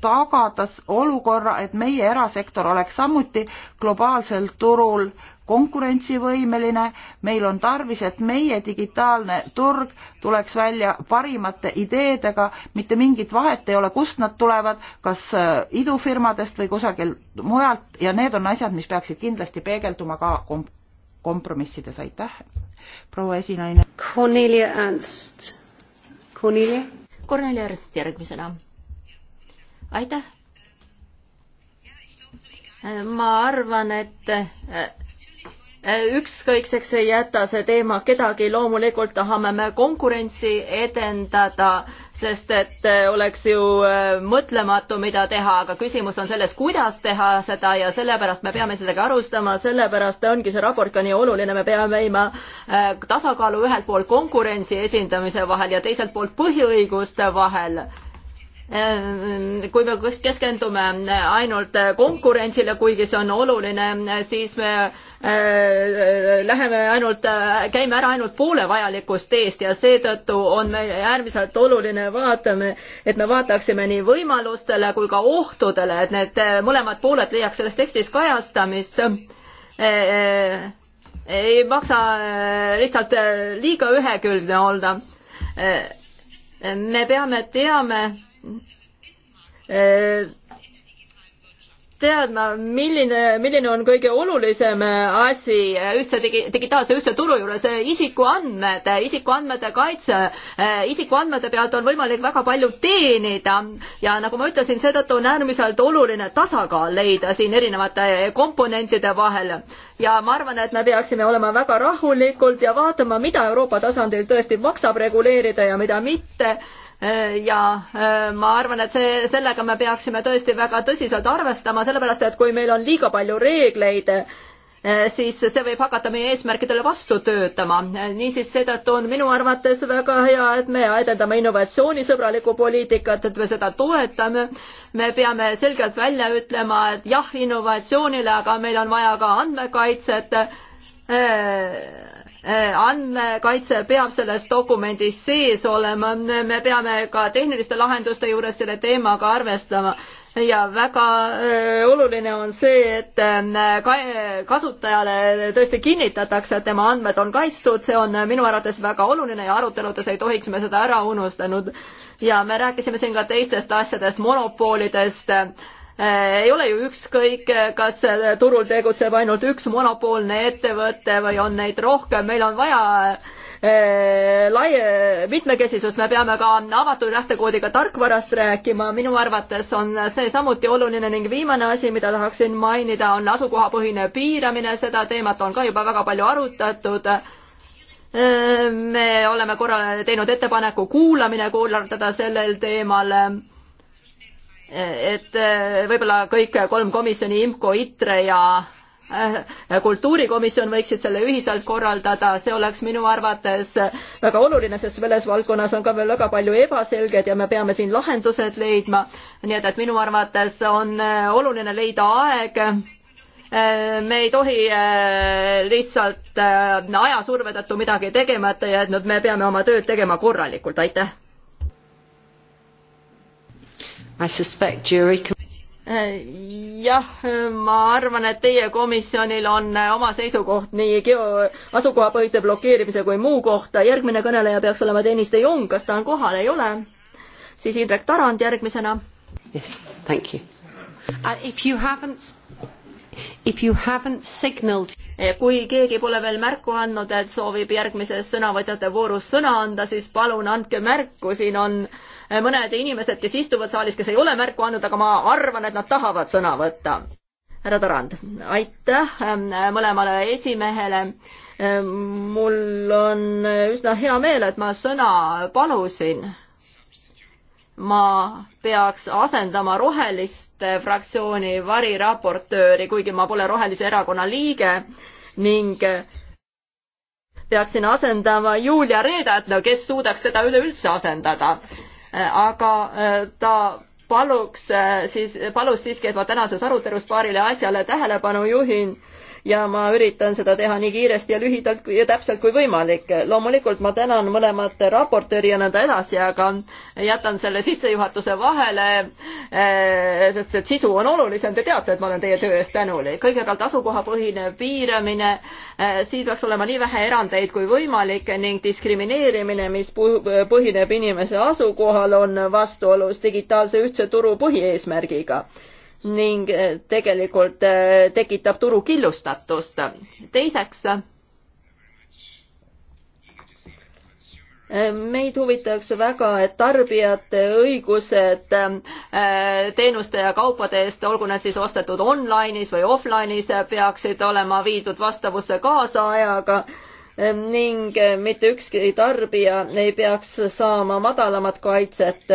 tagada olukorra, et meie erasektor oleks samuti globaalsel turul äh, konkurentsivõimeline, meil on tarvis, et meie digitaalne turg tuleks välja parimate ideedega, mitte mingit vahet ei ole, kust nad tulevad, kas äh, idufirmadest või kusagilt mujalt ja need on asjad, mis peaksid kindlasti peegelduma ka komp-, kompromissides, aitäh, proua esinaine. Cornelia Ernst. Cornelia? Cornelia Ernst järgmisena. aitäh. Äh, ma arvan, et äh, ükskõikseks ei jäta see teema kedagi, loomulikult tahame me konkurentsi edendada, sest et äh, oleks ju äh, mõtlematu, mida teha, aga küsimus on selles, kuidas teha seda ja sellepärast me peame sellega arustama, sellepärast ongi see raport ka nii oluline, me peame leidma äh, tasakaalu ühelt poolt konkurentsi esindamise vahel ja teiselt poolt põhiõiguste vahel kui me keskendume ainult konkurentsile, kuigi see on oluline, siis me Äh, läheme ainult, äh, käime ära ainult poole vajalikust teest ja seetõttu on meil äärmiselt oluline, vaatame, et me vaataksime nii võimalustele kui ka ohtudele, et need äh, mõlemad pooled leiaks selles tekstis kajastamist. ei maksa lihtsalt liiga ühekülgne olla. me peame, teame teadma, milline, milline on kõige olulisem äh, asi äh, ühtse digi, digitaalse ühtse turu juures, äh, isikuandmed, isikuandmete kaitse. isikuandmete pealt on võimalik väga palju teenida ja nagu ma ütlesin, seetõttu on äärmiselt oluline tasakaal leida siin erinevate komponentide vahel. ja ma arvan, et me peaksime olema väga rahulikult ja vaatama, mida Euroopa tasandil tõesti maksab reguleerida ja mida mitte Äh, ja äh, ma arvan, et see, sellega me peaksime tõesti väga tõsiselt arvestama, sellepärast et kui meil on liiga palju reegleid, äh, siis see võib hakata meie eesmärkidele vastu töötama. niisiis seetõttu on minu arvates väga hea, et me edendame innovatsioonisõbralikku poliitikat, et me seda toetame. me peame selgelt välja ütlema, et jah, innovatsioonile, aga meil on vaja ka andmekaitset Eh, andmekaitse peab selles dokumendis sees olema, me peame ka tehniliste lahenduste juures selle teemaga arvestama ja väga eh, oluline on see, et eh, kasutajale tõesti kinnitatakse, et tema andmed on kaitstud, see on minu arvates väga oluline ja aruteludes ei tohiks me seda ära unustanud. ja me rääkisime siin ka teistest asjadest, monopoolidest Äh, ei ole ju ükskõik, äh, kas äh, turul tegutseb ainult üks monopoolne ettevõte või on neid rohkem, meil on vaja laie, mitmekesisust, me peame ka avatud lähtekoodiga tarkvarast rääkima, minu arvates on see samuti oluline ning viimane asi, mida tahaksin mainida, on asukohapõhine piiramine, seda teemat on ka juba väga palju arutatud me oleme korra teinud ettepaneku kuulamine korraldada sellel teemal et eh, võib-olla kõik kolm komisjoni, IMCO, ITRE ja eh, kultuurikomisjon võiksid selle ühiselt korraldada, see oleks minu arvates väga oluline, sest selles valdkonnas on ka veel väga palju ebaselged ja me peame siin lahendused leidma. nii et, et minu arvates on eh, oluline leida aeg. me ei tohi lihtsalt ajasurve tõttu midagi tegemata jätnud, me peame oma tööd tegema korralikult, aitäh I suspect jury eh, jah, ma arvan, et teie komisjonil on eh, oma seisukoht nii geo-, asukohapõhise blokeerimise kui muu kohta. järgmine kõneleja peaks olema Tõnis De Jong, kas ta on kohal, ei ole? siis Indrek Tarand järgmisena. Yes, thank you uh,. If you haven't If you haven't signaled eh, kui keegi pole veel märku andnud, et soovib järgmises sõnavõtjate voorus sõna anda, siis palun andke märku, siin on äh, Eh, mõned inimesed, kes istuvad saalis, kes ei ole märku andnud, aga ma arvan, et nad tahavad sõna võtta. härra Tarand, aitäh ehm, mõlemale esimehele. Ehm, mul on üsna hea meel, et ma sõna palusin ma peaks asendama Roheliste fraktsiooni variraportööri, kuigi ma pole Rohelise erakonna liige ning peaksin asendama Julia Reedat, no kes suudaks teda üleüldse asendada aga äh, ta paluks äh, siis, palus siiski, et ma tänases arutelus paarile asjale tähelepanu juhin ja ma üritan seda teha nii kiiresti ja lühidalt ja täpselt kui võimalik. loomulikult ma tänan mõlemat raportööri ja nõnda edasi, aga jätan selle sissejuhatuse vahele, eh, sest et sisu on olulisem, te teate, et ma olen teie töö eest tänulik. kõigepealt asukohapõhine piiramine, eh, siin peaks olema nii vähe erandeid kui võimalik ning diskrimineerimine, mis põhineb inimese asukohal, on vastuolus digitaalse ühtse turu põhieesmärgiga ning eh, tegelikult eh, tekitab turu killustatust. teiseks, eh, meid huvitaks väga, et tarbijate õigused teenuste ja kaupade eest, olgu need siis ostetud online'is või offline'is, peaksid olema viidud vastavusse kaasajaga ning mitte ükski tarbija ei peaks saama madalamat kaitset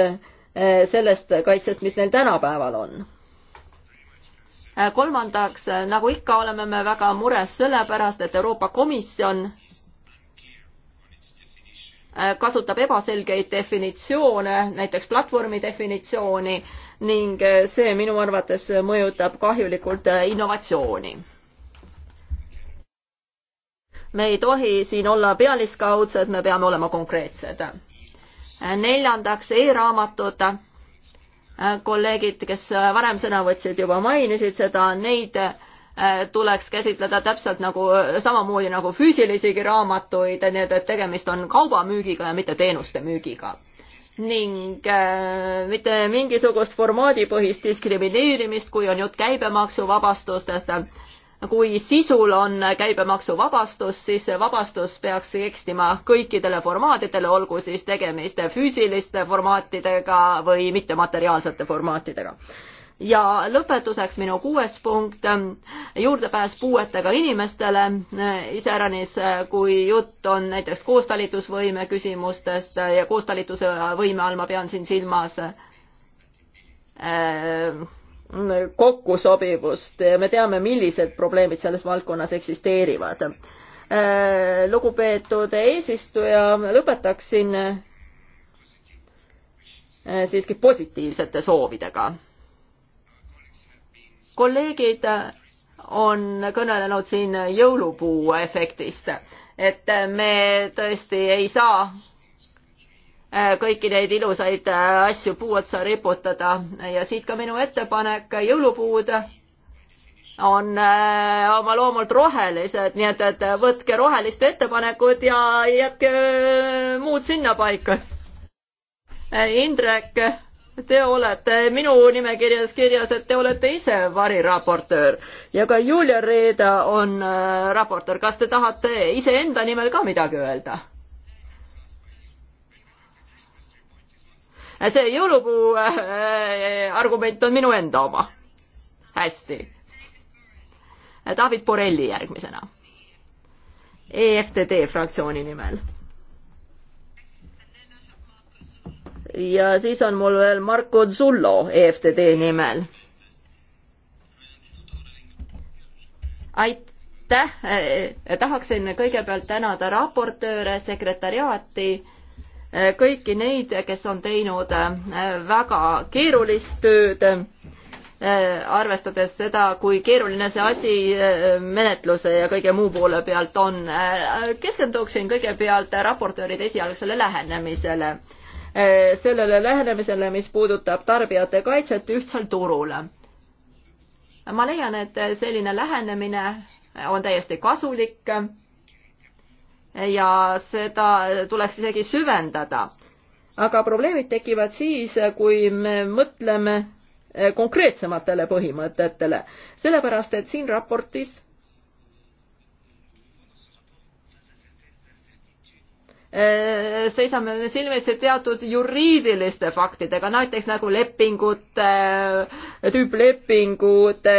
sellest kaitsest, mis neil tänapäeval on Äh, kolmandaks, äh, nagu ikka, oleme me väga mures sellepärast, et Euroopa Komisjon äh, kasutab ebaselgeid definitsioone, näiteks platvormi definitsiooni ning see minu arvates mõjutab kahjulikult innovatsiooni. me ei tohi siin olla pealiskaudsed, me peame olema konkreetsed. neljandaks e, e-raamatud Äh, kolleegid, kes varem sõna võtsid, juba mainisid seda, neid äh, tuleks käsitleda täpselt nagu samamoodi nagu füüsilisigi raamatuid, nii et, et tegemist on kaubamüügiga ja mitte teenuste müügiga. ning äh, mitte mingisugust formaadipõhist diskrimineerimist, kui on jutt käibemaksuvabastustest äh,, kui sisul on käibemaksuvabastus, siis see vabastus peaks kehtima kõikidele formaatidele, olgu siis tegemist füüsiliste formaatidega või mittemateriaalsete formaatidega ja lõpetuseks minu kuues punkt, juurdepääs puuetega inimestele, iseäranis kui jutt on näiteks koostalitusvõime küsimustest ja koostalituse võime all ma pean siin silmas äh, kokkusobivust ja me teame, millised probleemid selles valdkonnas eksisteerivad. Äh, lugupeetud eesistuja, lõpetaksin äh, siiski positiivsete soovidega. kolleegid on kõnelenud siin jõulupuu efektist, et me tõesti ei saa Äh, kõiki neid ilusaid äh, asju puu otsa riputada ja siit ka minu ettepanek, jõulupuud on äh, oma loomult rohelised, nii et, et võtke rohelist ettepanekud ja jätke muud sinnapaika. Indrek, te olete minu nimekirjas kirjas, et te olete ise variraportöör ja ka Julia Reeda on raportöör, kas te tahate iseenda nimel ka midagi öelda? see jõulupuu äh, argument on minu enda oma. hästi. David Borrelli järgmisena. EFTD fraktsiooni nimel. ja siis on mul veel Marko Zullo EFTD nimel. aitäh, äh, tahaksin kõigepealt tänada raportööre, sekretäriaati kõiki neid, kes on teinud äh, väga keerulist tööd, äh, arvestades seda, kui keeruline see asi äh, menetluse ja kõige muu poole pealt on. keskenduksin kõigepealt raportööride esialgsele lähenemisele, sellele lähenemisele, mis puudutab tarbijate kaitset ühtsel turul. ma leian, et selline lähenemine on täiesti kasulik ja seda tuleks isegi süvendada. aga probleemid tekivad siis, kui me mõtleme konkreetsematele põhimõtetele, sellepärast et siin raportis Äh, seisame me silmitsi teatud juriidiliste faktidega, näiteks nagu lepingute, tüüplepingud,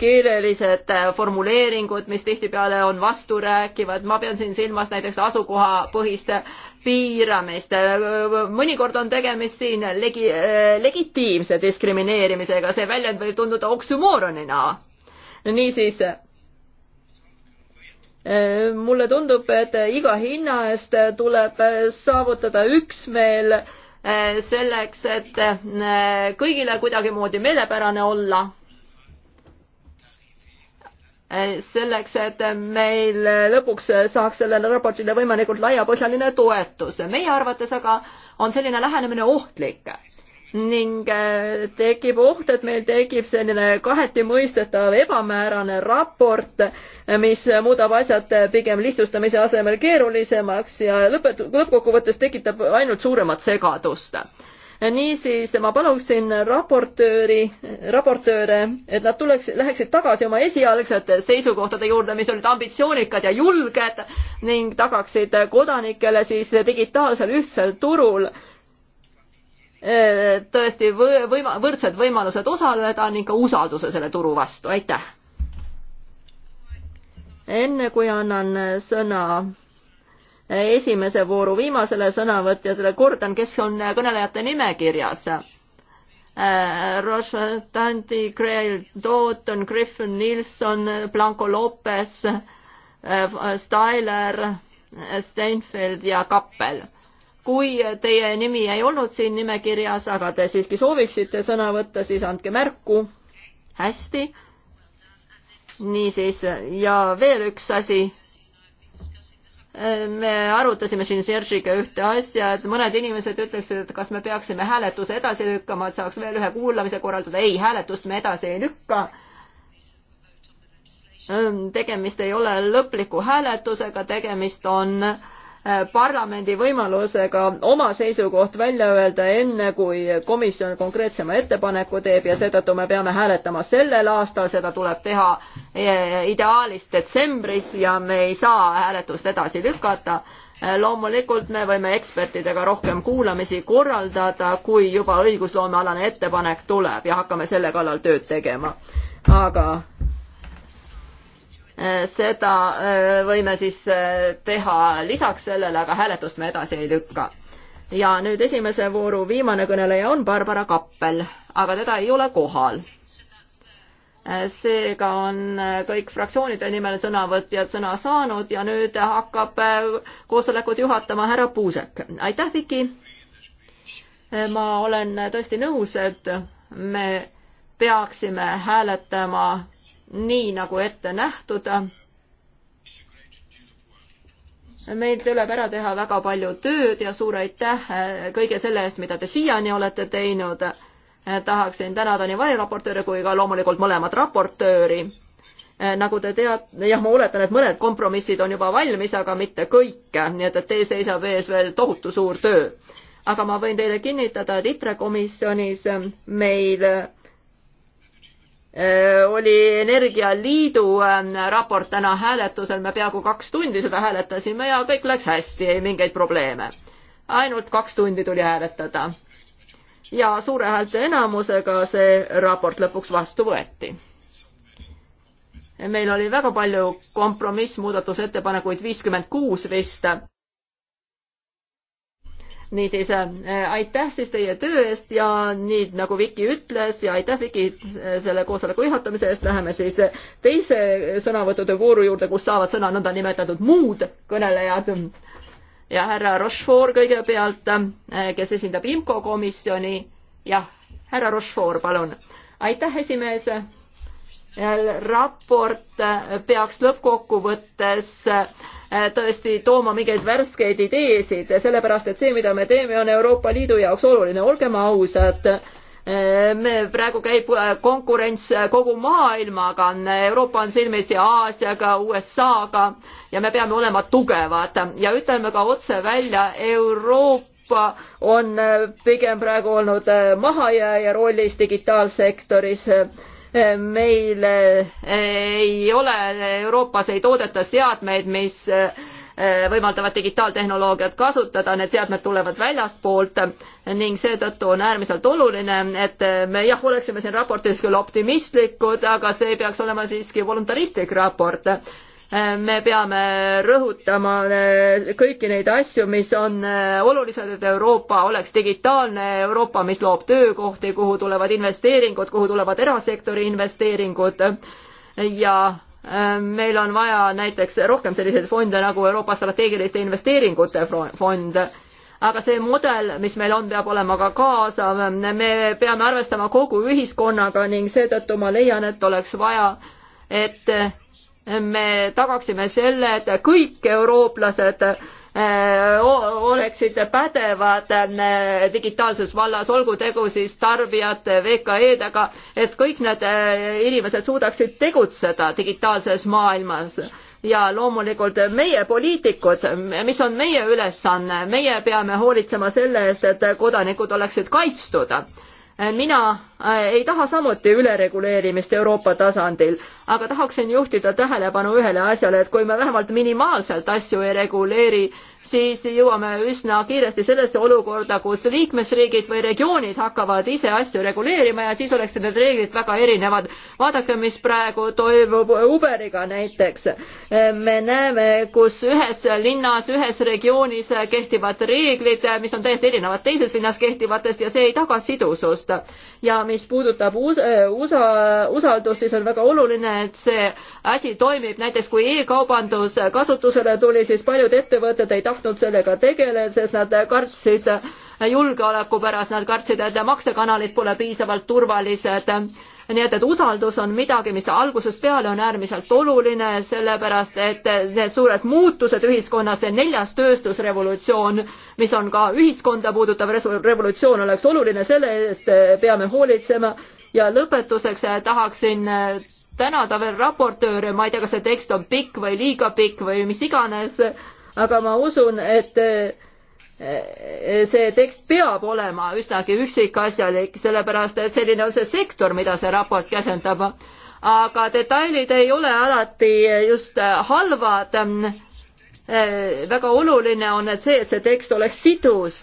keelelised formuleeringud, mis tihtipeale on vasturääkivad, ma pean siin silmas näiteks asukohapõhist piiramist. mõnikord on tegemist siin legi-, legitiimse diskrimineerimisega, see väljend võib tunduda oksümooronina. niisiis Äh, mulle tundub, et iga hinna eest tuleb saavutada üksmeel äh, selleks, et äh, kõigile kuidagimoodi meelepärane olla. selleks, et meil lõpuks saaks sellele raportile võimalikult laiapõhjaline toetus. meie arvates aga on selline lähenemine ohtlik ning äh, tekib oht, et meil tekib selline kaheti mõistetav ebamäärane raport, äh, mis muudab asjad äh, pigem lihtsustamise asemel keerulisemaks ja lõpet-, lõppkokkuvõttes tekitab ainult suuremat segadust. niisiis ma paluksin raportööri, raportööre, et nad tuleks, läheksid tagasi oma esialgsete seisukohtade juurde, mis olid ambitsioonikad ja julged ning tagaksid kodanikele siis digitaalsel ühtsel turul Äh, tõesti võima-, võrdsed võimalused osaleda ning ka usalduse selle turu vastu, aitäh! enne kui annan sõna esimese vooru viimasele sõnavõtjatele, kordan, kes on kõnelejate nimekirjas äh, Roger Tanti, Grail Doughton, Griffin Nilsson, Blanco Lopez, äh, Styler, Steinfeld ja Kappel kui teie nimi ei olnud siin nimekirjas, aga te siiski sooviksite sõna võtta, siis andke märku. hästi. niisiis, ja veel üks asi me arutasime siin Sergiga ühte asja, et mõned inimesed ütleksid, et kas me peaksime hääletuse edasi lükkama, et saaks veel ühe kuulamise korraldada. ei, hääletust me edasi ei lükka. tegemist ei ole lõpliku hääletusega, tegemist on äh, Äh, parlamendi võimalusega oma seisukoht välja öelda enne, kui komisjon konkreetsema ettepaneku teeb ja seetõttu me peame hääletama sellel aastal, seda tuleb teha äh, ideaalis detsembris ja me ei saa hääletust edasi lükata. Äh, loomulikult me võime ekspertidega rohkem kuulamisi korraldada, kui juba õigusloomealane ettepanek tuleb ja hakkame selle kallal tööd tegema. aga Eh, seda eh, võime siis eh, teha lisaks sellele, aga hääletust me edasi ei lükka. ja nüüd esimese vooru viimane kõneleja on Barbara Kappel, aga teda ei ole kohal. seega on kõik fraktsioonide nimel sõnavõtjad sõna saanud ja nüüd hakkab koosolekut juhatama härra Puusek. aitäh, Viki! ma olen tõesti nõus, et me peaksime hääletama nii nagu ette nähtud. meil tuleb ära teha väga palju tööd ja suur aitäh kõige selle eest, mida te siiani olete teinud. tahaksin tänada nii variraportööre kui ka loomulikult mõlemat raportööri. nagu te teate, jah, ma oletan, et mõned kompromissid on juba valmis, aga mitte kõik, nii et, et teil seisab ees veel tohutu suur töö. aga ma võin teile kinnitada, et ITRE komisjonis meil Äh, oli Energialiidu ähm, raport täna hääletusel, me peaaegu kaks tundi seda hääletasime ja kõik läks hästi, ei mingeid probleeme. ainult kaks tundi tuli hääletada. ja suure häälte enamusega see raport lõpuks vastu võeti. meil oli väga palju kompromissmuudatusettepanekuid, viiskümmend kuus vist niisiis äh, aitäh siis teie töö eest ja nii nagu Viki ütles ja aitäh Viki selle koosoleku juhatamise eest, läheme siis teise sõnavõttude vooru juurde, kus saavad sõna nõndanimetatud muud kõnelejad. ja härra Rochefort kõigepealt, äh, kes esindab IMCO komisjoni. jah, härra Rochefort, palun. aitäh, esimees. Äh, raport peaks lõppkokkuvõttes äh, Äh, tõesti tooma mingeid värskeid ideesid, sellepärast et see, mida me teeme, on Euroopa Liidu jaoks oluline, olgem ausad äh, me praegu käib äh, konkurents kogu maailmaga, Euroopa on silmitsi Aasiaga, USA-ga ja me peame olema tugevad ja ütleme ka otse välja, Euroopa on pigem praegu olnud mahajääja rollis digitaalsektoris meil ei ole, Euroopas ei toodeta seadmeid, mis eh, võimaldavad digitaaltehnoloogiat kasutada, need seadmed tulevad väljastpoolt ning seetõttu on äärmiselt oluline, et me jah, oleksime siin raportis küll optimistlikud, aga see peaks olema siiski voluntaristlik raport me peame rõhutama eh, kõiki neid asju, mis on eh, olulised, et Euroopa oleks digitaalne Euroopa, mis loob töökohti, kuhu tulevad investeeringud, kuhu tulevad erasektori investeeringud ja eh, meil on vaja näiteks rohkem selliseid fonde nagu Euroopa strateegiliste investeeringute fond aga see mudel, mis meil on, peab olema ka kaasav, me peame arvestama kogu ühiskonnaga ning seetõttu ma leian, et oleks vaja, et me tagaksime selle, et kõik eurooplased eh, oleksid pädevad eh, digitaalses vallas, olgu tegu siis tarbijate, VKE-dega, et kõik need eh, inimesed suudaksid tegutseda digitaalses maailmas. ja loomulikult meie poliitikud, mis on meie ülesanne, meie peame hoolitsema selle eest, et kodanikud oleksid kaitstud Äh, mina äh, ei taha samuti ülereguleerimist Euroopa tasandil, aga tahaksin juhtida tähelepanu ühele asjale, et kui me vähemalt minimaalselt asju ei reguleeri, siis jõuame üsna kiiresti sellesse olukorda, kus liikmesriigid või regioonid hakkavad ise asju reguleerima ja siis oleksid need reeglid väga erinevad. vaadake, mis praegu toimub Uberiga näiteks. me näeme, kus ühes linnas, ühes regioonis kehtivad reeglid, mis on täiesti erinevad teises linnas kehtivatest ja see ei taga sidusust. ja mis puudutab USA, usaldust, siis on väga oluline, et see asi toimib, näiteks kui e-kaubandus kasutusele tuli, siis paljud ettevõtted ei taha tahtnud sellega tegeleda, sest nad kartsid julgeoleku pärast, nad kartsid, et maksekanalid pole piisavalt turvalised. nii et, et usaldus on midagi, mis algusest peale on äärmiselt oluline, sellepärast et need suured muutused ühiskonnas, see neljas tööstusrevolutsioon, mis on ka ühiskonda puudutav revolutsioon, oleks oluline, selle eest peame hoolitsema ja lõpetuseks tahaksin tänada veel raportööre, ma ei tea, kas see tekst on pikk või liiga pikk või mis iganes, aga ma usun, et eh, see tekst peab olema üsnagi üksikasjalik, sellepärast et selline on see sektor, mida see raport käsendab. aga detailid ei ole alati just halvad. Eh, väga oluline on, et see, et see tekst oleks sidus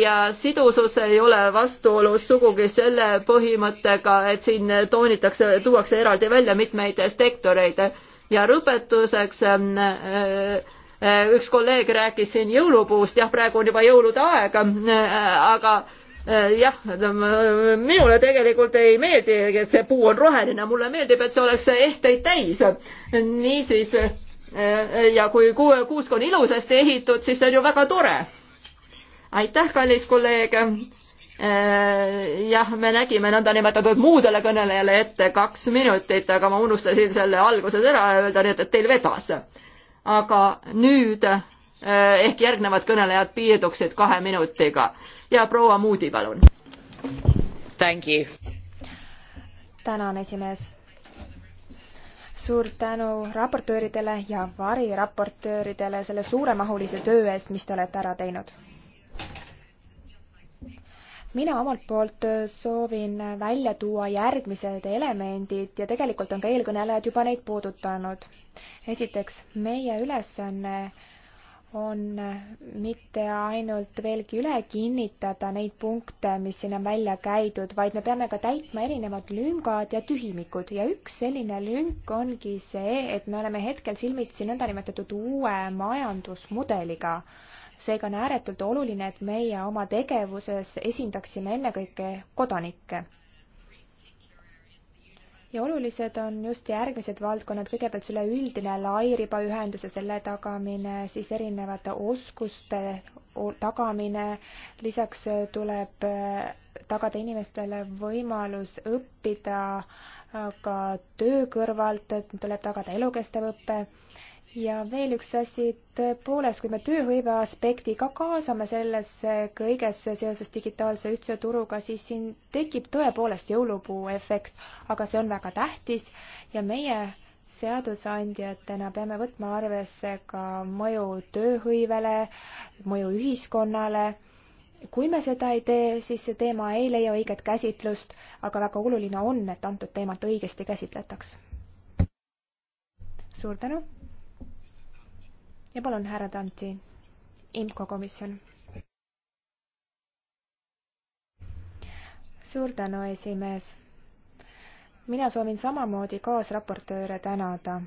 ja sidusus ei ole vastuolus sugugi selle põhimõttega, et siin toonitakse, tuuakse eraldi välja mitmeid sektoreid ja lõpetuseks äh, Äh, üks kolleeg rääkis siin jõulupuust, jah, praegu on juba jõulude aeg, äh, aga äh, jah, minule tegelikult ei meeldi, et see puu on roheline, mulle meeldib, et see oleks ehteid täis. niisiis ja kui kuusk on ilusasti ehitud, siis see on ju väga tore. aitäh, kallis kolleeg. jah, me nägime nõndanimetatud muudele kõnelejale ette kaks minutit, aga ma unustasin selle alguses ära öelda, nii et, et teil vedas aga nüüd eh, ehk järgnevad kõnelejad piirduksid kahe minutiga ja proua Moody, palun. tänan, esimees. suur tänu raportööridele ja variraportööridele selle suuremahulise töö eest, mis te olete ära teinud. mina omalt poolt soovin välja tuua järgmised elemendid ja tegelikult on ka eelkõnelejad juba neid puudutanud esiteks, meie ülesanne on mitte ainult veelgi üle kinnitada neid punkte, mis siin on välja käidud, vaid me peame ka täitma erinevad lüngad ja tühimikud ja üks selline lünk ongi see, et me oleme hetkel silmitsi nõndanimetatud uue majandusmudeliga. seega on ääretult oluline, et meie oma tegevuses esindaksime ennekõike kodanikke ja olulised on just järgmised valdkonnad, kõigepealt selle üldine lairibaühenduse, selle tagamine, siis erinevate oskuste tagamine, lisaks tuleb äh, tagada inimestele võimalus õppida äh, ka töö kõrvalt, tuleb tagada elukestev õpe ja veel üks asi, tõepoolest, kui me tööhõive aspekti ka kaasame sellesse kõigesse seoses digitaalse ühtse turuga, siis siin tekib tõepoolest jõulupuu efekt, aga see on väga tähtis ja meie seadusandjatena peame võtma arvesse ka mõju tööhõivele, mõju ühiskonnale. kui me seda ei tee, siis see teema ei leia õiget käsitlust, aga väga oluline on, et antud teemat õigesti käsitletaks. suur tänu! ja palun, härra Tanti, IMCO komisjon. suur tänu, esimees. mina soovin samamoodi kaasraportööre tänada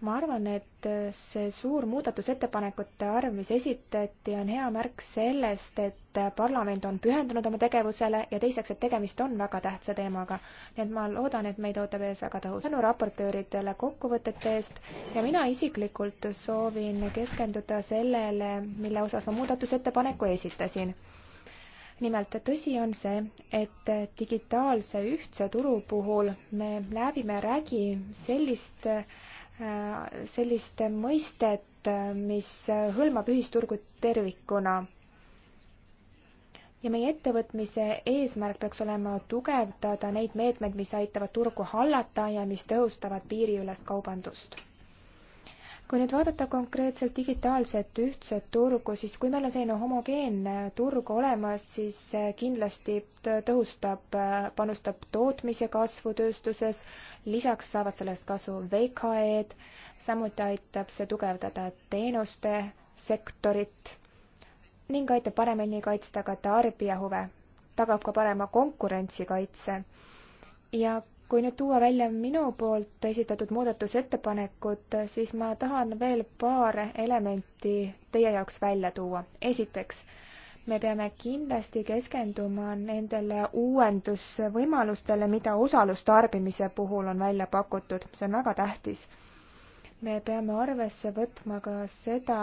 ma arvan, et see suur muudatusettepanekute arv, mis esitati, on hea märk sellest, et parlament on pühendunud oma tegevusele ja teiseks, et tegemist on väga tähtsa teemaga. nii et ma loodan, et meid ootab ees väga tõhus tänu raportööridele kokkuvõtete eest ja mina isiklikult soovin keskenduda sellele, mille osas ma muudatusettepaneku esitasin nimelt tõsi on see, et digitaalse ühtse turu puhul me läbime räägi sellist äh, Äh, sellist mõistet, mis hõlmab ühisturgu tervikuna. ja meie ettevõtmise eesmärk peaks olema tugevdada neid meetmeid, mis aitavad turgu hallata ja mis tõhustavad piiriülest kaubandust kui nüüd vaadata konkreetselt digitaalset ühtset turgu, siis kui meil on selline homogeenne turg olemas, siis kindlasti tõhustab, panustab tootmise kasvu tööstuses, lisaks saavad sellest kasu VKE-d, samuti aitab see tugevdada teenuste sektorit ning aitab paremini kaitsta ka tarbija huve, tagab ka parema konkurentsikaitse ja kui nüüd tuua välja minu poolt esitatud muudatusettepanekud, siis ma tahan veel paar elementi teie jaoks välja tuua. esiteks, me peame kindlasti keskenduma nendele uuendusvõimalustele, mida osalustarbimise puhul on välja pakutud, see on väga tähtis. me peame arvesse võtma ka seda,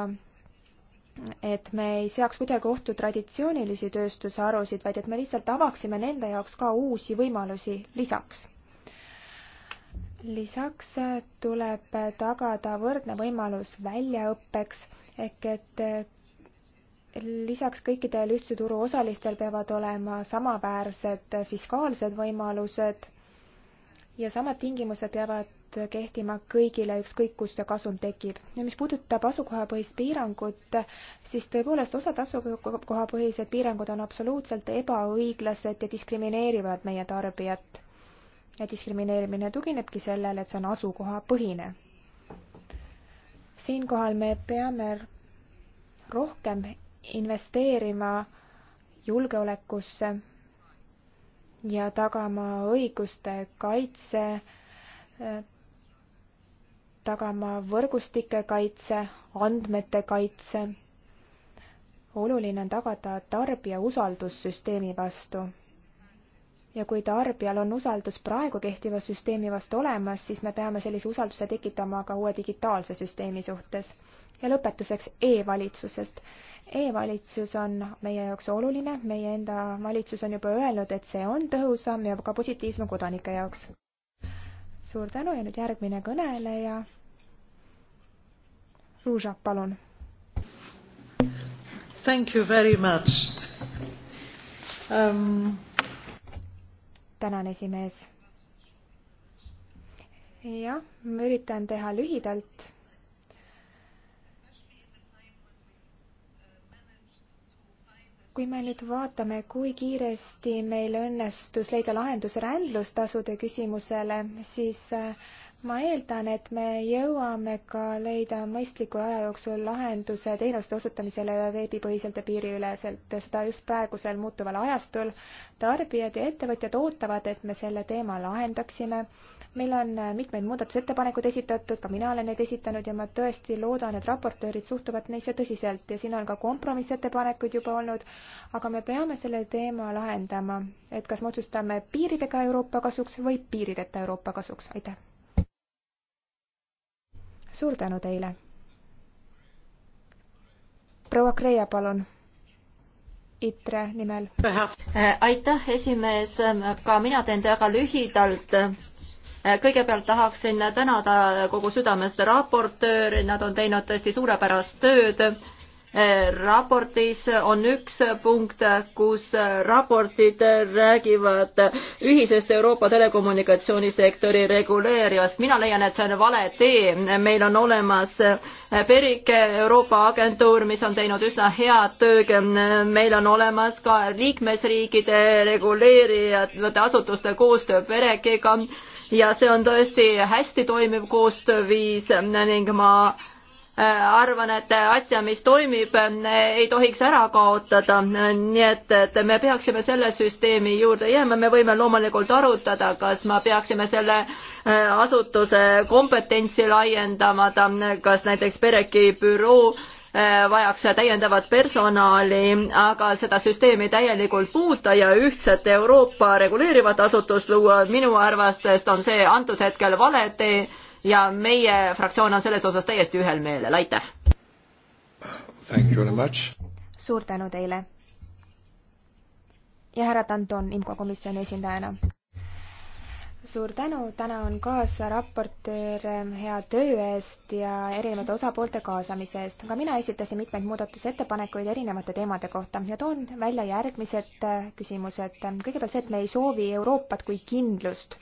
et me ei seaks kuidagi ohtu traditsioonilisi tööstusharusid, vaid et me lihtsalt avaksime nende jaoks ka uusi võimalusi lisaks lisaks äh, tuleb äh, tagada võrdne võimalus väljaõppeks ehk et äh, lisaks kõikidel ühtse turu osalistel peavad olema samaväärsed fiskaalsed võimalused ja samad tingimused peavad kehtima kõigile, ükskõik kust see kasum tekib. ja mis puudutab asukohapõhist piirangut, siis tõepoolest osad asukohapõhised piirangud on absoluutselt ebaõiglased ja diskrimineerivad meie tarbijat ja diskrimineerimine tuginebki sellele, et see on asukohapõhine. siinkohal me peame rohkem investeerima julgeolekusse ja tagama õiguste kaitse, tagama võrgustike kaitse, andmete kaitse. oluline on tagada tarbija usaldus süsteemi vastu ja kui tarbijal on usaldus praegu kehtiva süsteemi vastu olemas, siis me peame sellise usalduse tekitama ka uue digitaalse süsteemi suhtes. ja lõpetuseks e-valitsusest e. E-valitsus on meie jaoks oluline, meie enda valitsus on juba öelnud, et see on tõhusam ja ka positiivsem kodanike jaoks. suur tänu ja nüüd järgmine kõneleja. Ruža, palun. Thank you very much um tänan, esimees. jah, ma üritan teha lühidalt. kui me nüüd vaatame, kui kiiresti meil õnnestus leida lahendus rändlustasude küsimusele, siis äh, ma eeldan, et me jõuame ka leida mõistliku aja jooksul lahenduse teenuste osutamisele veebipõhiselt ja piiriüleselt, seda just praegusel muutuval ajastul. tarbijad ja ettevõtjad ootavad, et me selle teema lahendaksime meil on mitmeid muudatusettepanekuid esitatud, ka mina olen neid esitanud ja ma tõesti loodan, et raportöörid suhtuvad neisse tõsiselt ja siin on ka kompromissettepanekuid juba olnud, aga me peame selle teema lahendama, et kas me otsustame piiridega Euroopa kasuks või piirideta Euroopa kasuks, aitäh! suur tänu teile. proua Kreia, palun ITRE nimel. aitäh, esimees, ka mina teen väga lühidalt. kõigepealt tahaksin tänada kogu südamest raportööri, nad on teinud tõesti suurepärast tööd raportis on üks punkt, kus raportid räägivad ühisest Euroopa telekommunikatsioonisektori reguleerivast. mina leian, et see on vale tee. meil on olemas PERIK Euroopa agentuur, mis on teinud üsna head tööd. meil on olemas ka liikmesriikide reguleerivate asutuste koostöö PEREK-iga ja see on tõesti hästi toimiv koostööviis ning ma Äh, arvan, et asja, mis toimib, äh, ei tohiks ära kaotada, nii et, et me peaksime selle süsteemi juurde jääma, me võime loomulikult arutada, kas me peaksime selle äh, asutuse kompetentsi laiendama, kas näiteks pereki büroo vajaks täiendavat personali, aga seda süsteemi täielikult muuta ja ühtset Euroopa reguleerivat asutust luua, minu arvates on see antud hetkel vale tee ja meie fraktsioon on selles osas täiesti ühel meelel, aitäh! suur tänu teile! ja härra Danton IMCO komisjoni esindajana. suur tänu, täna on kaasraportöör ähm, hea töö eest ja erinevate osapoolte kaasamise eest. ka mina esitasin mitmeid muudatusettepanekuid erinevate teemade kohta ja toon välja järgmised äh, küsimused. kõigepealt see, et me ei soovi Euroopat kui kindlust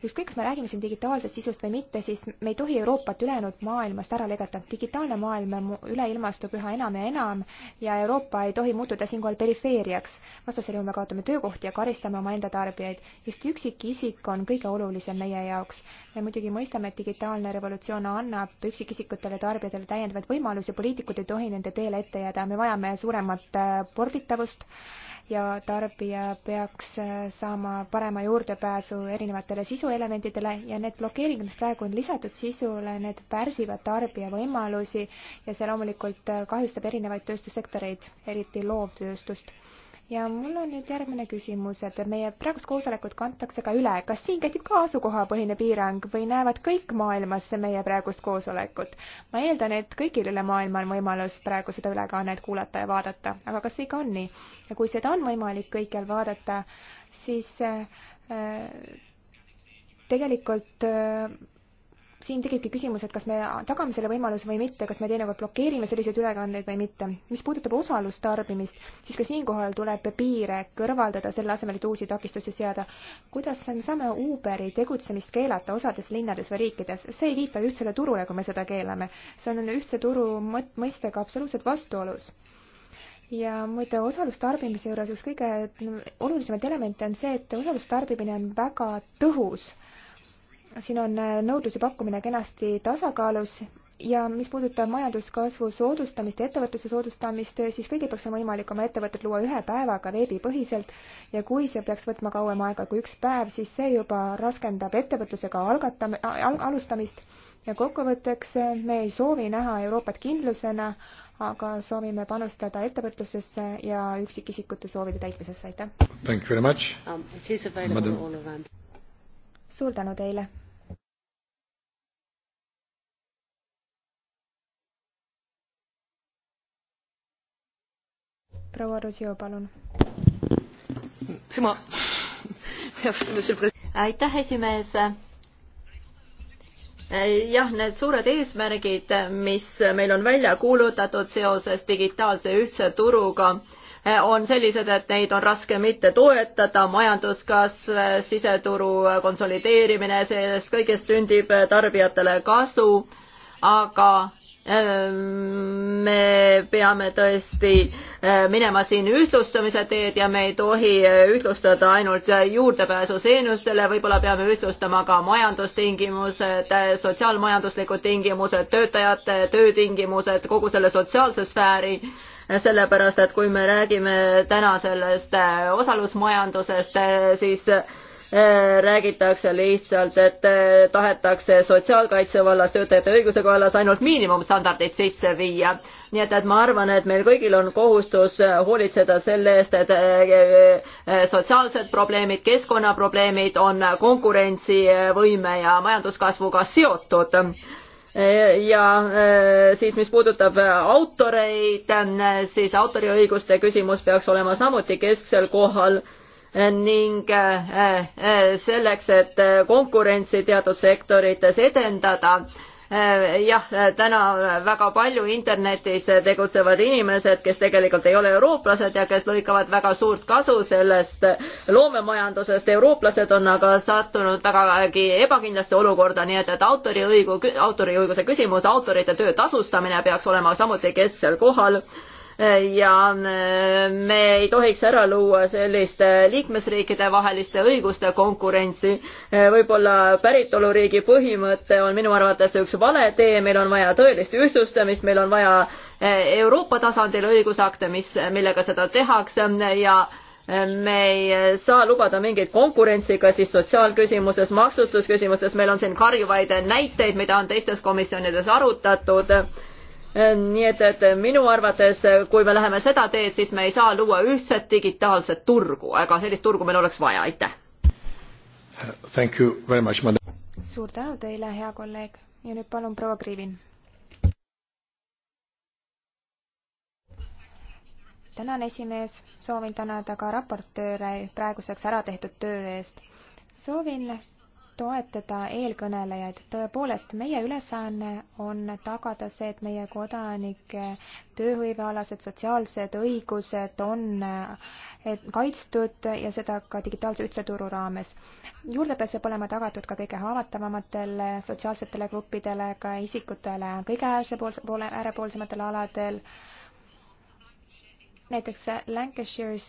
ükskõik, kas me räägime siin digitaalsest sisust või mitte, siis me ei tohi Euroopat ülejäänud maailmast ära lõigata. digitaalne maailm üleilmastub üha enam ja enam ja Euroopa ei tohi muutuda siinkohal perifeeriaks. vastasel juhul me kaotame töökohti ja karistame omaenda tarbijaid. just üksikisik on kõige olulisem meie jaoks. me muidugi mõistame, et digitaalne revolutsioon annab üksikisikutele ja tarbijatele täiendavaid võimalusi, poliitikud ei tohi nende teele ette jääda, me vajame suuremat äh, porditavust ja tarbija peaks äh, saama parema juurdepääsu erinevatele sisuelementidele ja need blokeeringud, mis praegu on lisatud sisule, need pärsivad tarbija võimalusi ja see loomulikult äh, kahjustab erinevaid tööstussektoreid, eriti loovtööstust ja mul on nüüd järgmine küsimus, et meie praegust koosolekut kantakse ka üle, kas siin kehtib ka asukohapõhine piirang või näevad kõik maailmas meie praegust koosolekut? ma eeldan, et kõigil üle maailma on võimalus praegu seda ülekannet kuulata ja vaadata, aga kas see ikka on nii? ja kui seda on võimalik kõikjal vaadata, siis äh, äh tegelikult äh, siin tekibki küsimus, et kas me tagame selle võimaluse või mitte, kas me teinekord blokeerime selliseid ülekandeid või mitte. mis puudutab osalustarbimist, siis ka siinkohal tuleb piire kõrvaldada, selle asemel, et uusi takistusi seada. kuidas me saame Uberi tegutsemist keelata osades linnades või riikides? see ei viita ühtsele turule, kui me seda keelame. see on ühtse turu mõt-, mõistega absoluutselt vastuolus ja muide, osalustarbimise juures üks kõige olulisemaid elemente on see, et osalustarbimine on väga tõhus siin on äh, nõudlus ja pakkumine kenasti tasakaalus ja mis puudutab majanduskasvu soodustamist ja ettevõtluse soodustamist, siis kõigil peaks olema võimalik oma ettevõtet luua ühe päevaga veebipõhiselt ja kui see peaks võtma kauem aega kui üks päev, siis see juba raskendab ettevõtlusega algatam-, al alustamist ja kokkuvõtteks äh, me ei soovi näha Euroopat kindlusena, aga soovime panustada ettevõtlusesse ja üksikisikute soovide täitmisesse, aitäh! Um, suur tänu teile! proua Rosio, palun. aitäh, esimees jah, need suured eesmärgid, mis meil on välja kuulutatud seoses digitaalse ühtse turuga, on sellised, et neid on raske mitte toetada, majanduskasv, siseturu konsolideerimine, sellest kõigest sündib tarbijatele kasu, aga Ehm, me peame tõesti eh, minema siin ühtlustamise teed ja me ei tohi eh, ühtlustada ainult juurdepääsu seenustele, võib-olla peame ühtlustama ka majandustingimused, sotsiaalmajanduslikud tingimused, töötajate töötingimused, kogu selle sotsiaalse sfääri, eh, sellepärast et kui me räägime täna sellest osalusmajandusest, siis Äh, räägitakse lihtsalt, et äh, tahetakse sotsiaalkaitse vallas, töötajate õiguse vallas ainult miinimumstandardid sisse viia. nii et, et ma arvan, et meil kõigil on kohustus äh, hoolitseda selle eest, et sotsiaalsed probleemid, keskkonnaprobleemid on konkurentsivõime ja majanduskasvuga seotud ja siis, mis puudutab autoreid, siis autoriõiguste küsimus peaks olema samuti kesksel kohal ning eh, eh, selleks, et eh, konkurentsi teatud sektorites edendada, jah, täna väga palju internetis tegutsevad inimesed, kes tegelikult ei ole eurooplased ja kes lõikavad väga suurt kasu sellest loomemajandusest. eurooplased on aga sattunud vägagi ebakindlasse olukorda, nii et, et autoriõigu, autoriõiguse küsimus, autorite töö tasustamine peaks olema samuti kesksel kohal ja äh, me ei tohiks ära luua sellist liikmesriikide vaheliste õiguste konkurentsi. Äh, võib-olla päritoluriigi põhimõte on minu arvates üks vale tee, meil on vaja tõelist ühtlustamist, meil on vaja äh, Euroopa tasandil õigusakte, mis, millega seda tehakse ja me ei saa lubada mingeid konkurentsi ka siis sotsiaalküsimuses, maksustusküsimuses, meil on siin karjuvaid näiteid, mida on teistes komisjonides arutatud nii et, et minu arvates, kui me läheme seda teed, siis me ei saa luua ühtset digitaalset turgu, aga sellist turgu meil oleks vaja, aitäh. suur tänu teile, hea kolleeg ja nüüd palun proua Kriivin. tänan, esimees, soovin tänada ka raportööre praeguseks ära tehtud töö eest. soovin toetada eelkõnelejaid. tõepoolest, meie ülesanne on tagada see, et meie kodanike tööhõivealased sotsiaalsed õigused on kaitstud ja seda ka digitaalse ühtse turu raames. juurdepääs peab olema tagatud ka kõige haavatavamatele sotsiaalsetele gruppidele, ka isikutele kõige äärepoolse, poole, äärepoolsematel aladel näiteks Lancashire'is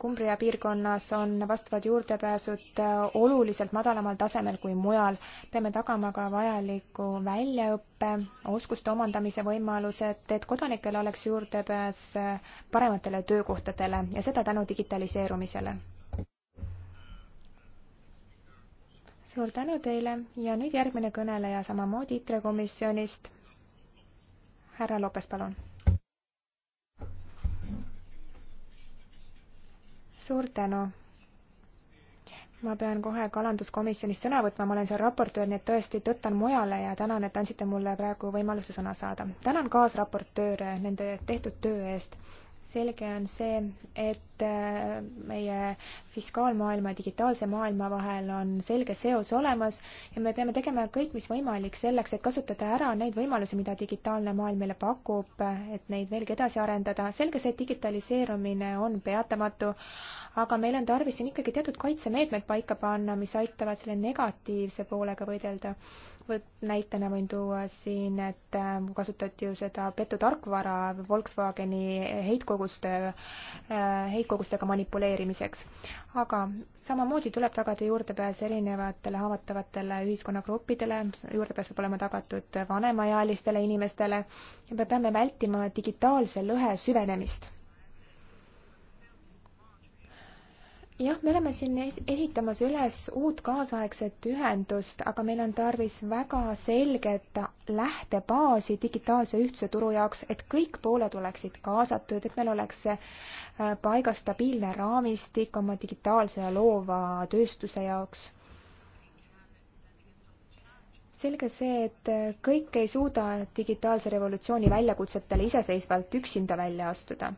Cumbria piirkonnas on vastavad juurdepääsud äh, oluliselt madalamal tasemel kui mujal. peame tagama ka vajaliku väljaõppe, oskuste omandamise võimalused, et kodanikel oleks juurdepääs äh, parematele töökohtadele ja seda tänu digitaliseerumisele. suur tänu teile ja nüüd järgmine kõneleja samamoodi ITRE komisjonist. härra Lopes, palun suur tänu. ma pean kohe kalanduskomisjonis sõna võtma, ma olen seal raportöör, nii et tõesti tõttan mujale ja tänan, et andsite mulle praegu võimaluse sõna saada. tänan kaasraportööre nende tehtud töö eest selge on see, et äh, meie fiskaalmaailma ja digitaalse maailma vahel on selge seos olemas ja me peame tegema kõik, mis võimalik selleks, et kasutada ära neid võimalusi, mida digitaalne maailm meile pakub, et neid veelgi edasi arendada. selge see, et digitaliseerumine on peatamatu, aga meil on tarvis siin ikkagi teatud kaitsemeetmed paika panna, mis aitavad selle negatiivse poolega võidelda võt-, näitena võin tuua siin, et äh, kasutati ju seda petutarkvara Volkswageni heitkoguste, äh, heitkogustega manipuleerimiseks. aga samamoodi tuleb tagada juurdepääs erinevatele haavatavatele ühiskonnagruppidele, juurdepääs peab olema tagatud vanemaealistele inimestele ja me peame vältima digitaalse lõhe süvenemist jah, me oleme siin ehitamas üles uut kaasaegset ühendust, aga meil on tarvis väga selget lähtebaasi digitaalse ühtse turu jaoks, et kõik pooled oleksid kaasatud, et meil oleks äh, paigas stabiilne raamistik oma digitaalse ja loova tööstuse jaoks selge see, et äh, kõik ei suuda digitaalse revolutsiooni väljakutsetele iseseisvalt üksinda välja astuda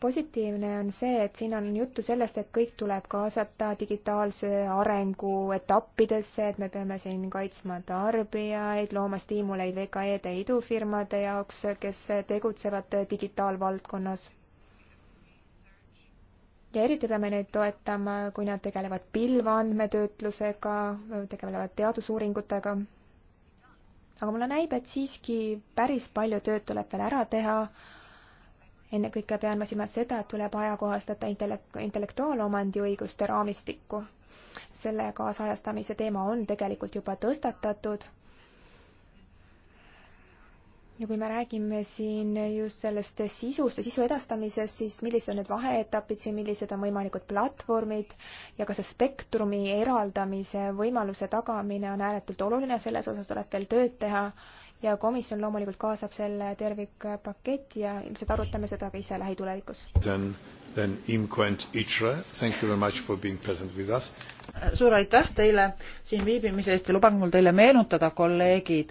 positiivne on see, et siin on juttu sellest, et kõik tuleb kaasata digitaalse arengu etappidesse, et me peame siin kaitsma tarbijaid, looma stiimuleid VKE-de idufirmade jaoks, kes tegutsevad digitaalvaldkonnas. ja eriti peame neid toetama, kui nad tegelevad pilveandmetöötlusega, tegelevad teadusuuringutega. aga mulle näib, et siiski päris palju tööd tuleb veel ära teha ennekõike pean ma silmas seda, et tuleb ajakohastada intellek-, intellektuaalomandi õiguste raamistikku. selle kaasajastamise teema on tegelikult juba tõstatatud. ja kui me räägime siin just sellest sisust ja sisu edastamisest, siis millised on need vaheetapid siin, millised on võimalikud platvormid ja ka see spektrumi eraldamise võimaluse tagamine on ääretult oluline, selles osas tuleb veel tööd teha ja komisjon loomulikult kaasab selle tervikpaketi ja ilmselt arutame seda ka ise lähitulevikus. suur aitäh teile siin viibimise eest ja lubage mul teile meenutada, kolleegid,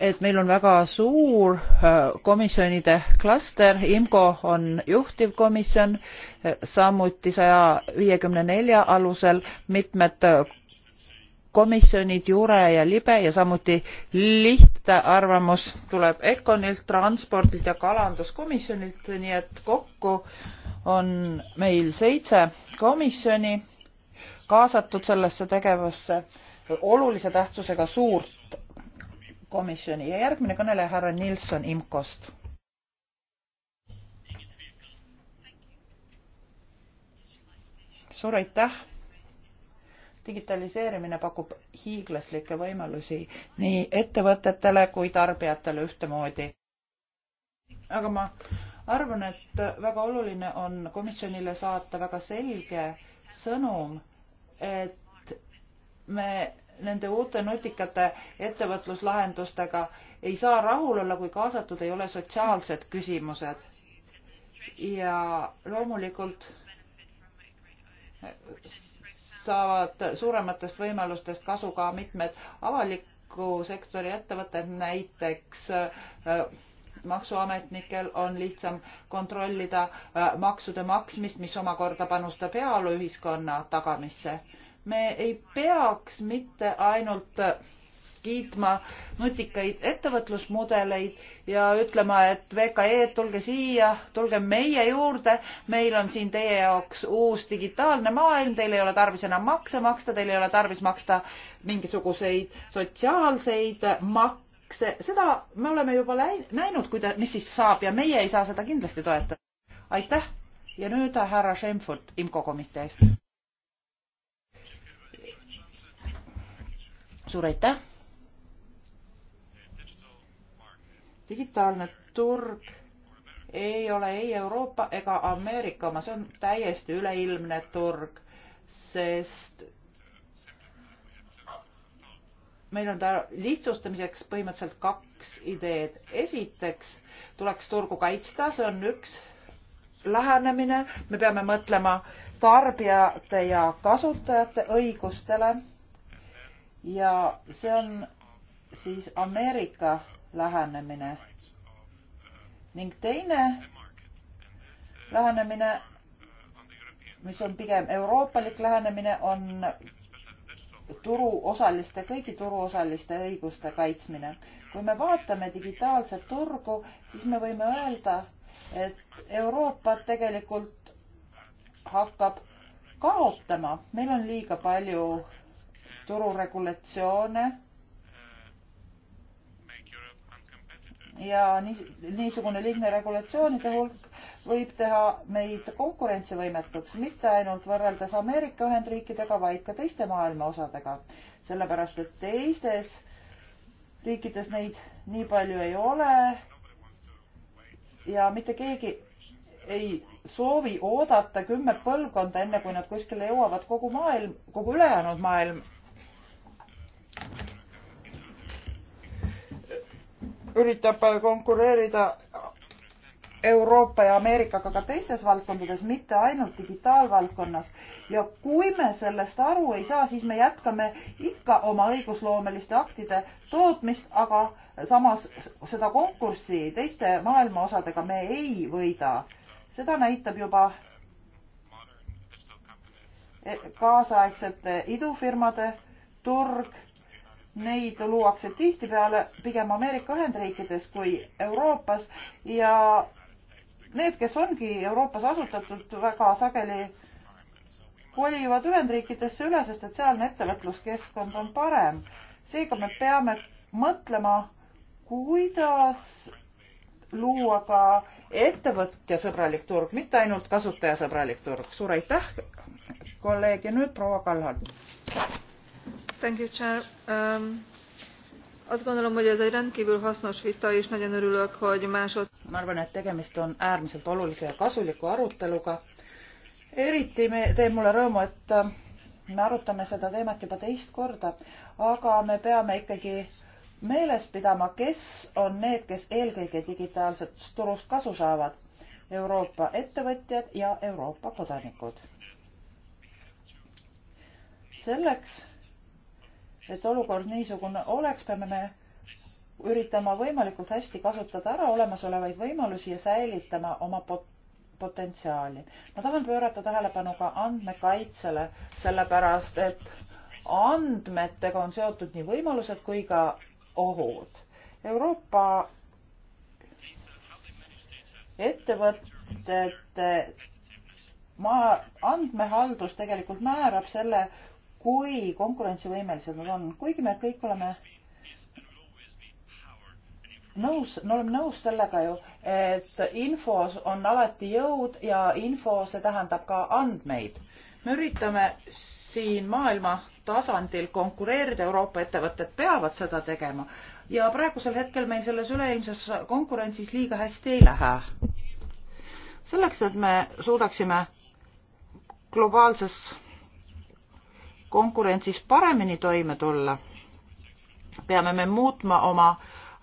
et meil on väga suur äh, komisjonide klaster, IMCO on juhtivkomisjon, äh, samuti saja viiekümne nelja alusel mitmed äh, komisjonid jure ja libe ja samuti lihtne arvamus tuleb ECONilt, transpordilt ja kalanduskomisjonilt, nii et kokku on meil seitse komisjoni kaasatud sellesse tegevusse olulise tähtsusega suurt komisjoni ja järgmine kõneleja härra Nilsson IMCO-st. suur aitäh digitaliseerimine pakub hiiglaslikke võimalusi nii ettevõtetele kui tarbijatele ühtemoodi. aga ma arvan, et väga oluline on komisjonile saata väga selge sõnum, et me nende uute nutikate ettevõtluslahendustega ei saa rahul olla, kui kaasatud ei ole sotsiaalsed küsimused. ja loomulikult saavad suurematest võimalustest kasu ka mitmed avaliku sektori ettevõtted, näiteks äh, maksuametnikel on lihtsam kontrollida äh, maksude maksmist, mis omakorda panustab heaolu ühiskonna tagamisse. me ei peaks mitte ainult äh, heaks kiitma nutikaid ettevõtlusmudeleid ja ütlema, et VKE-d, tulge siia, tulge meie juurde, meil on siin teie jaoks uus digitaalne maailm, teil ei ole tarvis enam makse maksta, teil ei ole tarvis maksta mingisuguseid sotsiaalseid makse, seda me oleme juba näinud, kuida-, mis siis saab ja meie ei saa seda kindlasti toetada. aitäh ja nüüd härra Schemfurt IMCO komitee eest. suur aitäh digitaalne turg ei ole ei Euroopa ega Ameerika oma, see on täiesti üleilmne turg, sest meil on ta lihtsustamiseks põhimõtteliselt kaks ideed. esiteks tuleks turgu kaitsta, see on üks lähenemine, me peame mõtlema tarbijate ja kasutajate õigustele. ja see on siis Ameerika lähenemine. ning teine lähenemine, mis on pigem euroopalik lähenemine, on turuosaliste, kõigi turuosaliste õiguste kaitsmine. kui me vaatame digitaalset turgu, siis me võime öelda, et Euroopa tegelikult hakkab kaotama, meil on liiga palju tururegulatsioone ja niisugune liigne regulatsioonide hulk võib teha meid konkurentsivõimetuks mitte ainult võrreldes Ameerika Ühendriikidega, vaid ka teiste maailma osadega, sellepärast et teistes riikides neid nii palju ei ole. ja mitte keegi ei soovi oodata kümme põlvkonda, enne kui nad kuskile jõuavad, kogu maailm, kogu ülejäänud maailm üritab äh, konkureerida Euroopa ja Ameerikaga ka teistes valdkondades, mitte ainult digitaalvaldkonnas. ja kui me sellest aru ei saa, siis me jätkame ikka oma õigusloomeliste aktide tootmist, aga samas seda konkurssi teiste maailma osadega me ei võida. seda näitab juba e, kaasaegsete idufirmade turg neid luuakse tihtipeale pigem Ameerika Ühendriikides kui Euroopas ja need, kes ongi Euroopas asutatud, väga sageli kolivad Ühendriikidesse üle, sest et sealne ettevõtluskeskkond on parem. seega me peame mõtlema, kuidas luua ka ettevõtjasõbralik turg, mitte ainult kasutajasõbralik turg. suur aitäh, kolleeg ja nüüd proua Kallan. Thank you, Chair. Um, azt gondolom, hogy ez egy rendkívül hasznos vita, és nagyon örülök, hogy másod... Ma arvan, et tegemist on äärmiselt olulise ja kasuliku aruteluga. Eriti me, teeb mulle rõõmu, et äh, me arutame seda teemat juba teist korda, aga me peame ikkagi meeles pidama, kes on need, kes eelkõige digitaalsest turust kasu saavad. Euroopa ettevõtjad ja Euroopa kodanikud. selleks, et olukord niisugune oleks, peame me üritama võimalikult hästi kasutada ära olemasolevaid võimalusi ja säilitama oma pot potentsiaali. ma tahan pöörata tähelepanu ka andmekaitsele, sellepärast et andmetega on seotud nii võimalused kui ka ohud. Euroopa ettevõtete maa, andmehaldus tegelikult määrab selle, kui konkurentsivõimelised nad on, kuigi me kõik oleme nõus, me oleme nõus sellega ju, et infos on alati jõud ja info, see tähendab ka andmeid. me üritame siin maailma tasandil konkureerida, Euroopa ettevõtted peavad seda tegema ja praegusel hetkel meil selles üleilmses konkurentsis liiga hästi ei lähe. selleks, et me suudaksime globaalses konkurentsis paremini toime tulla, peame me muutma oma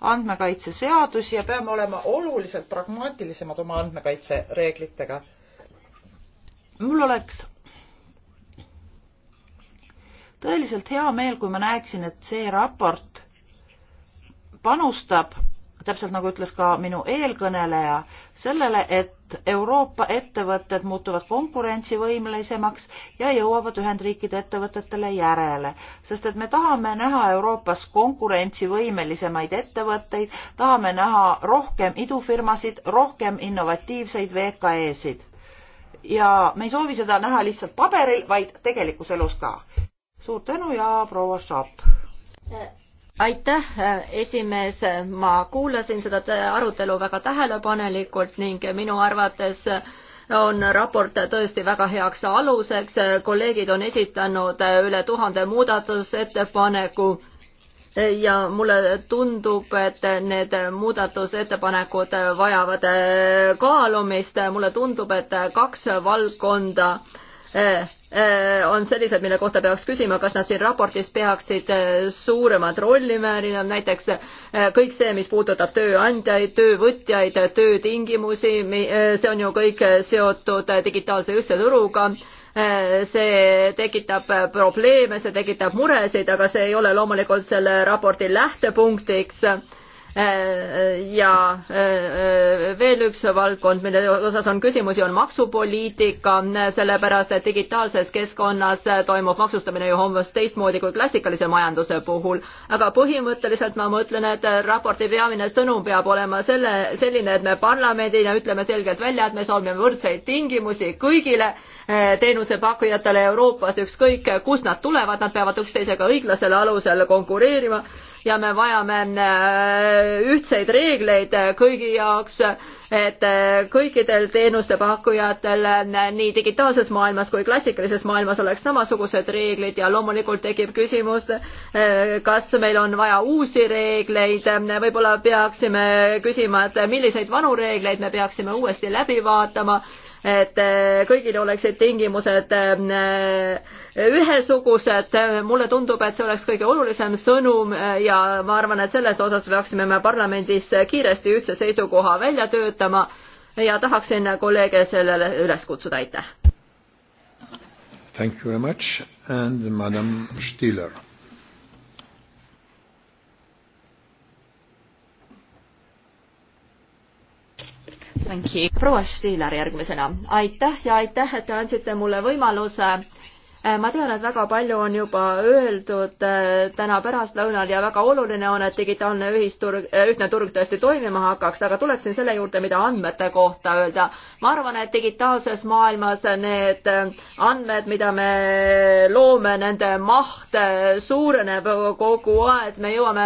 andmekaitseseadusi ja peame olema oluliselt pragmaatilisemad oma andmekaitsereeglitega. mul oleks tõeliselt hea meel, kui ma näeksin, et see raport panustab täpselt nagu ütles ka minu eelkõneleja, sellele, et Euroopa ettevõtted muutuvad konkurentsivõimelisemaks ja jõuavad Ühendriikide ettevõtetele järele, sest et me tahame näha Euroopas konkurentsivõimelisemaid ettevõtteid, tahame näha rohkem idufirmasid, rohkem innovatiivseid VKE-sid. ja me ei soovi seda näha lihtsalt paberil, vaid tegelikus elus ka. suur tänu ja proua Šap! Äh, aitäh, äh, esimees, ma kuulasin seda arutelu väga tähelepanelikult ning minu arvates on raport tõesti väga heaks aluseks, kolleegid on esitanud üle tuhande muudatusettepaneku ja mulle tundub, et need muudatusettepanekud vajavad äh, kaalumist, mulle tundub, et kaks valdkonda äh, Äh, on sellised, mille kohta peaks küsima, kas nad siin raportis peaksid äh, suuremat rolli määrima, näiteks äh, kõik see, mis puudutab tööandjaid, töövõtjaid, töötingimusi, see on ju kõik seotud digitaalse ühtse turuga see tekitab probleeme, see tekitab muresid, aga see ei ole loomulikult selle raporti lähtepunktiks Äh, äh, ja äh, veel üks valdkond, mille osas on küsimusi, on maksupoliitika, sellepärast et digitaalses keskkonnas toimub maksustamine ju hoopis teistmoodi kui klassikalise majanduse puhul. aga põhimõtteliselt ma mõtlen, et raporti peamine sõnum peab olema selle, selline, et me parlamendina ütleme selgelt välja, et me soovime võrdseid tingimusi kõigile teenusepakkujatele Euroopas, ükskõik kust nad tulevad, nad peavad üksteisega õiglasel alusel konkureerima ja me vajame äh, ühtseid reegleid äh, kõigi jaoks, et äh, kõikidel teenustepakkujatel nii digitaalses maailmas kui klassikalises maailmas oleks samasugused reeglid ja loomulikult tekib küsimus, kas meil on vaja uusi reegleid, võib-olla peaksime küsima, et milliseid vanu reegleid me peaksime uuesti läbi vaatama, et kõigil oleksid tingimused äh, ühesugused. mulle tundub, et see oleks kõige olulisem sõnum ja ma arvan, et selles osas peaksime me parlamendis kiiresti ühtse seisukoha välja töötama ja tahaksin kolleege sellele üles kutsuda, aitäh. Thank you very much and madam Stiller. proua Stiiler järgmisena, aitäh ja aitäh, et te andsite mulle võimaluse Äh, ma tean, et väga palju on juba öeldud äh, täna pärastlõunal ja väga oluline on, et digitaalne ühisturg, äh, ühtne turg tõesti toimima hakkaks, aga tuleksin selle juurde, mida andmete kohta öelda. ma arvan, et digitaalses maailmas need andmed, mida me loome, nende maht suureneb kogu aeg, me jõuame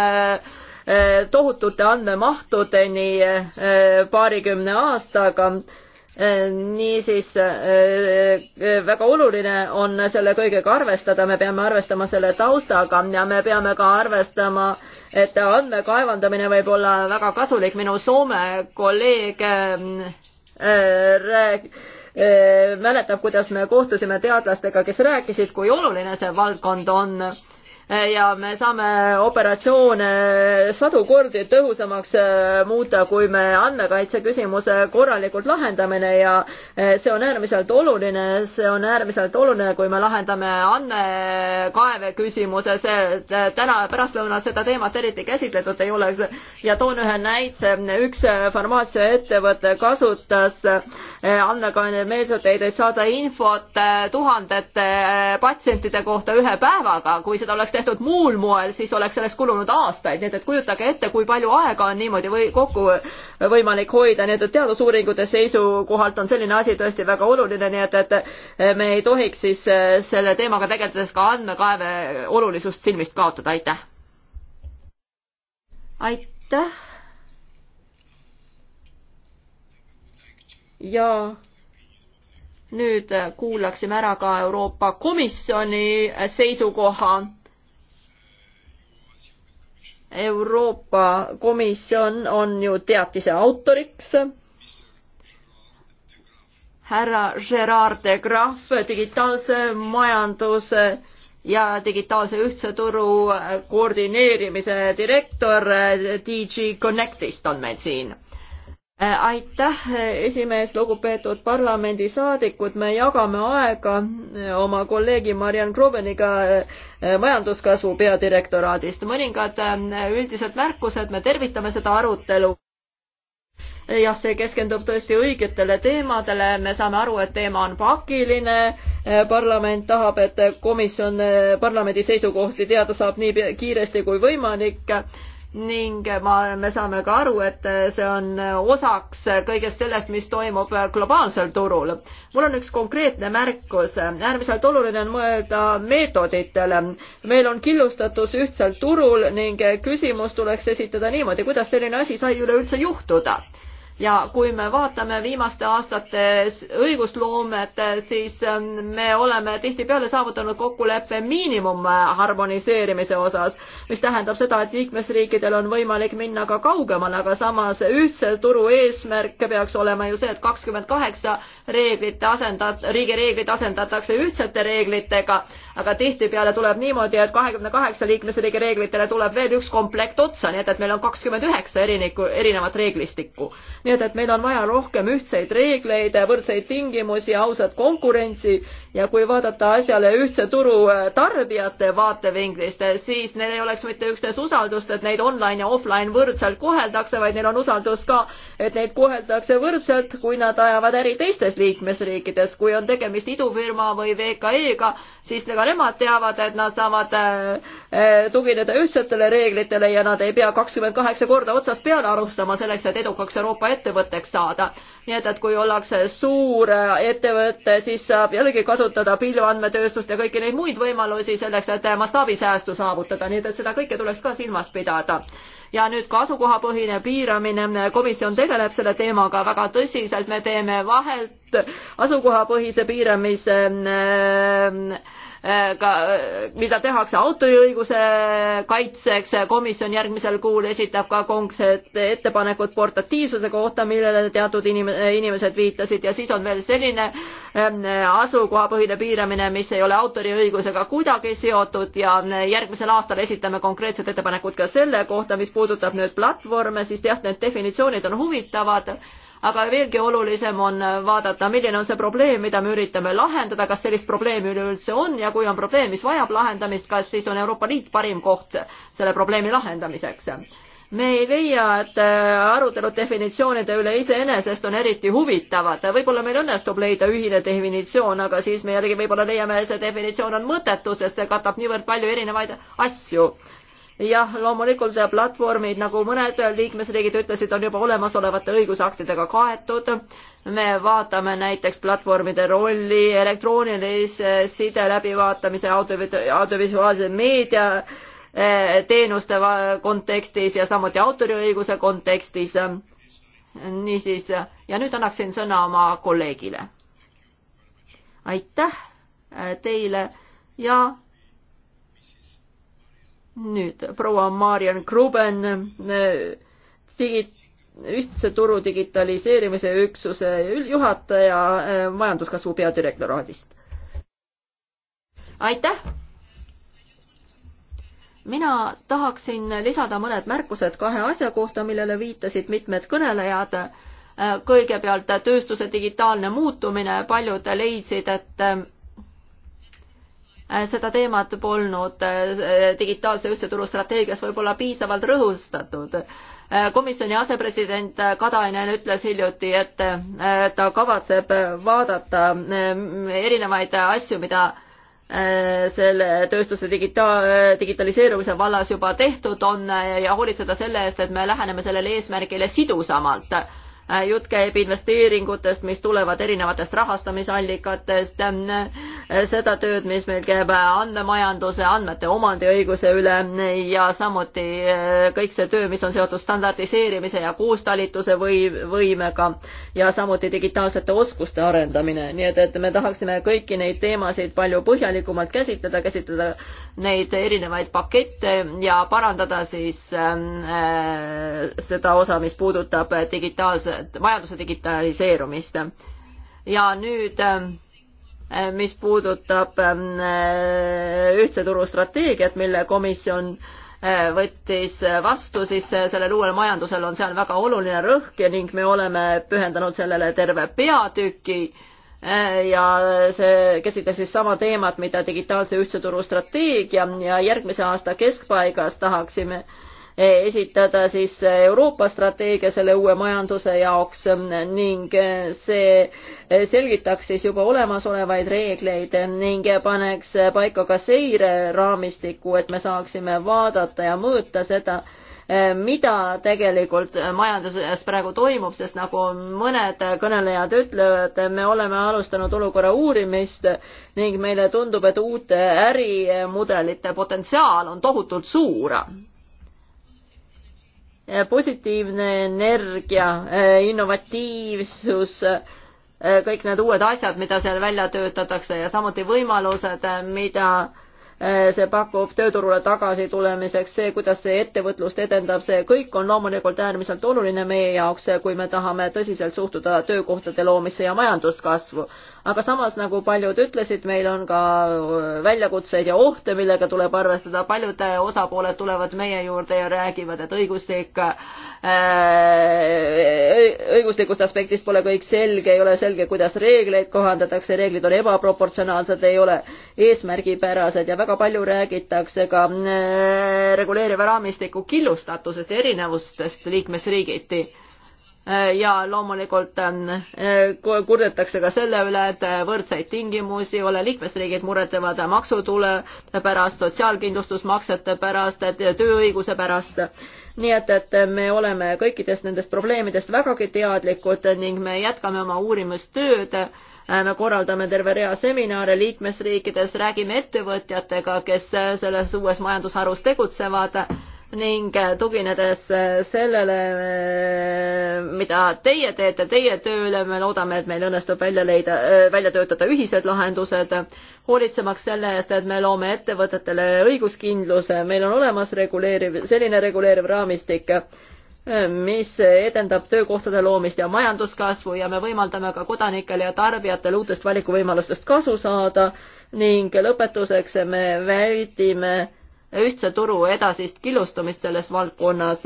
tohutute andmemahtudeni paarikümne aastaga Äh, niisiis äh, äh, väga oluline on selle kõigega arvestada, me peame arvestama selle taustaga ja me peame ka arvestama, et andmekaevandamine võib olla väga kasulik, minu Soome kolleeg rääk-, mäletab, kuidas me kohtusime teadlastega, kes rääkisid, kui oluline see valdkond on ja me saame operatsioone sadu kordi tõhusamaks äh, muuta, kui me andmekaitse küsimuse korralikult lahendamine ja äh, see on äärmiselt oluline, see on äärmiselt oluline, kui me lahendame andmekaeve küsimuse, see äh, täna pärastlõunal seda teemat eriti käsitletud ei ole ja toon ühe näite, üks farmaatsiaettevõte kasutas äh, Eh, andmekaine meetodeid, et saada infot eh, tuhandete eh, patsientide kohta ühe päevaga. kui seda oleks tehtud muul moel, siis oleks selleks kulunud aastaid, nii et, et kujutage ette, kui palju aega on niimoodi või kokku võimalik hoida, nii et, et teadusuuringute seisukohalt on selline asi tõesti väga oluline, nii et, et me ei tohiks siis selle teemaga tegeledes ka andmekaeve olulisust silmist kaotada, aitäh! aitäh! ja nüüd kuulaksime ära ka Euroopa Komisjoni seisukoha. Euroopa Komisjon on ju teatise autoriks. härra Gerard de Graaf digitaalse majanduse ja digitaalse ühtse turu koordineerimise direktor eh, DG Connectist on meil siin Äh, aitäh, esimees, lugupeetud parlamendisaadikud, me jagame aega äh, oma kolleegi Mariann Krubeniga äh, majanduskasvu peadirektoraadist. mõningad üldised märkused, me tervitame seda arutelu jah, see keskendub tõesti õigetele teemadele, me saame aru, et teema on pakiline, parlament tahab, et komisjon parlamendi seisukohti teada saab nii kiiresti kui võimalik ning ma, me saame ka aru, et see on osaks kõigest sellest, mis toimub globaalsel turul. mul on üks konkreetne märkus, äärmiselt oluline on mõelda meetoditele. meil on killustatus ühtsel turul ning küsimus tuleks esitada niimoodi, kuidas selline asi sai üleüldse juhtuda ja kui me vaatame viimaste aastate õigusloomet, siis ähm, me oleme tihtipeale saavutanud kokkuleppe miinimumharmoniseerimise äh, osas, mis tähendab seda, et liikmesriikidel on võimalik minna ka kaugemale, aga samas ühtse turu eesmärk peaks olema ju see, et kakskümmend kaheksa reeglit asendad, riigireeglid asendatakse ühtsete reeglitega aga tihtipeale tuleb niimoodi, et kahekümne kaheksa liikmesriigi reeglitele tuleb veel üks komplekt otsa, nii et, et meil on kakskümmend üheksa erineku, erinevat reeglistikku. nii et, et meil on vaja rohkem ühtseid reegleid, võrdseid tingimusi, ausat konkurentsi ja kui vaadata asjale ühtse turu äh, tarbijate vaatevinklist, siis neil ei oleks mitte üksnes usaldust, et neid online ja offline võrdselt koheldakse, vaid neil on usaldus ka, et neid koheldakse võrdselt, kui nad ajavad äri teistes liikmesriikides, kui on tegemist idufirma või VKE-ga, siis ega nemad teavad, et nad saavad äh, äh, tugineda ühtsetele reeglitele ja nad ei pea kakskümmend kaheksa korda otsast peale alustama selleks, et edukaks Euroopa ettevõtteks saada. nii et, et kui ollakse suur äh, ettevõte, siis saab jällegi kasutada pilveandmetööstust ja kõiki neid muid võimalusi selleks, et mastaabisäästu saavutada, nii et, et seda kõike tuleks ka silmas pidada ja nüüd ka asukohapõhine piiramine, komisjon tegeleb selle teemaga väga tõsiselt, me teeme vahelt asukohapõhise piiramise ähm, äh, ka, äh, mida tehakse autoriõiguse kaitseks, komisjon järgmisel kuul esitab ka konkreetsed ettepanekud portatiivsuse kohta, millele teatud inim-, äh, inimesed viitasid ja siis on veel selline ähm, asukohapõhine piiramine, mis ei ole autoriõigusega kuidagi seotud ja järgmisel aastal esitame konkreetsed ettepanekud ka selle kohta, mis puudutab nüüd platvorme, siis jah, need definitsioonid on huvitavad aga veelgi olulisem on äh, vaadata, milline on see probleem, mida me üritame lahendada, kas sellist probleemi üleüldse on ja kui on probleem, mis vajab lahendamist, kas siis on Euroopa Liit parim koht selle probleemi lahendamiseks? me ei leia, et äh, arutelud definitsioonide üle iseenesest on eriti huvitavad, võib-olla meil õnnestub leida ühine definitsioon, aga siis me jällegi võib-olla leiame, see definitsioon on mõttetu, sest see katab niivõrd palju erinevaid asju jah, loomulikult platvormid, nagu mõned liikmesriigid ütlesid, on juba olemasolevate õigusaktidega kaetud. me vaatame näiteks platvormide rolli elektroonilise side läbivaatamise audiovisuaalse meedia eh, teenuste kontekstis ja samuti autoriõiguse kontekstis. niisiis, ja nüüd annaksin sõna oma kolleegile. aitäh eh, teile ja nüüd proua Marian Gruben, äh, digi-, ühtse turu digitaliseerimise üksuse juhataja äh, majanduskasvu peadirektoraadist. aitäh! mina tahaksin lisada mõned märkused kahe asja kohta, millele viitasid mitmed kõnelejad. Äh, kõigepealt tööstuse digitaalne muutumine, paljud leidsid, et Äh, seda teemat polnud äh, digitaalse ühtse turu strateegias võib-olla piisavalt rõhustatud. Äh, komisjoni asepresident Katainen ütles hiljuti, et ta kavatseb vaadata erinevaid asju, mida selle tööstuse digita-, digitaliseerumise vallas juba tehtud on ja hoolitseda selle eest, et me läheneme sellele eesmärgile sidusamalt Äh, jutt käib investeeringutest, mis tulevad erinevatest rahastamisallikatest, äh, seda tööd, mis meil käib andmemajanduse, andmete omandiõiguse üle ja samuti äh, kõik see töö, mis on seotud standardiseerimise ja koostalituse või võimega ja samuti digitaalsete oskuste arendamine, nii et, et me tahaksime kõiki neid teemasid palju põhjalikumalt käsitleda, käsitleda neid erinevaid pakette ja parandada siis ähm, äh, seda osa, mis puudutab digitaalse, majanduse digitaliseerumist. ja nüüd, äh, mis puudutab äh, ühtse turu strateegiat, mille komisjon äh, võttis vastu, siis sellel uuel majandusel on seal väga oluline rõhk ning me oleme pühendanud sellele terve peatüki ja see käsitleb siis sama teemat, mida digitaalse ühtse turu strateegia ja järgmise aasta keskpaigas tahaksime äh, esitada siis Euroopa strateegia selle uue majanduse jaoks ning see selgitaks siis juba olemasolevaid reegleid ning paneks paika ka seireraamistiku, et me saaksime vaadata ja mõõta seda, mida tegelikult majanduses praegu toimub, sest nagu mõned kõnelejad ütlevad, me oleme alustanud olukorra uurimist ning meile tundub, et uute ärimudelite potentsiaal on tohutult suur positiivne energia, innovatiivsus, kõik need uued asjad, mida seal välja töötatakse ja samuti võimalused, mida eh, see pakub tööturule tagasi tulemiseks, see, kuidas see ettevõtlust edendab, see kõik on loomulikult äärmiselt oluline meie jaoks, kui me tahame tõsiselt suhtuda töökohtade loomisse ja majanduskasvu aga samas, nagu paljud ütlesid, meil on ka äh, väljakutseid ja ohte, millega tuleb arvestada, paljud äh, osapooled tulevad meie juurde ja räägivad, et õiguslik äh, õiguslikust aspektist pole kõik selge, ei ole selge, kuidas reegleid kohandatakse, reeglid on ebaproportsionaalsed, ei ole eesmärgipärased ja väga palju räägitakse ka reguleeriva raamistiku killustatusest ja erinevustest liikmesriigiti Äh, ja loomulikult ähm, äh, kurdetakse ka selle üle, et äh, võrdseid tingimusi ei ole, liikmesriigid muretsevad maksutule pärast, sotsiaalkindlustusmaksete pärast, tööõiguse pärast. nii et, et me oleme kõikidest nendest probleemidest vägagi teadlikud ning me jätkame oma uurimistööd. me korraldame terve rea seminare liikmesriikides, räägime ettevõtjatega, kes selles uues majandusharus tegutsevad ning äh, tuginedes äh, sellele, äh, mida teie teete, teie tööle, me loodame, et meil õnnestub välja leida, välja töötada ühised lahendused, hoolitsemaks selle eest, et me loome ettevõtetele õiguskindluse, meil on olemas reguleeriv, selline reguleeriv raamistik, mis edendab töökohtade loomist ja majanduskasvu ja me võimaldame ka kodanikel ja tarbijatel uutest valikuvõimalustest kasu saada ning lõpetuseks me väldime ühtse turu edasist killustumist selles valdkonnas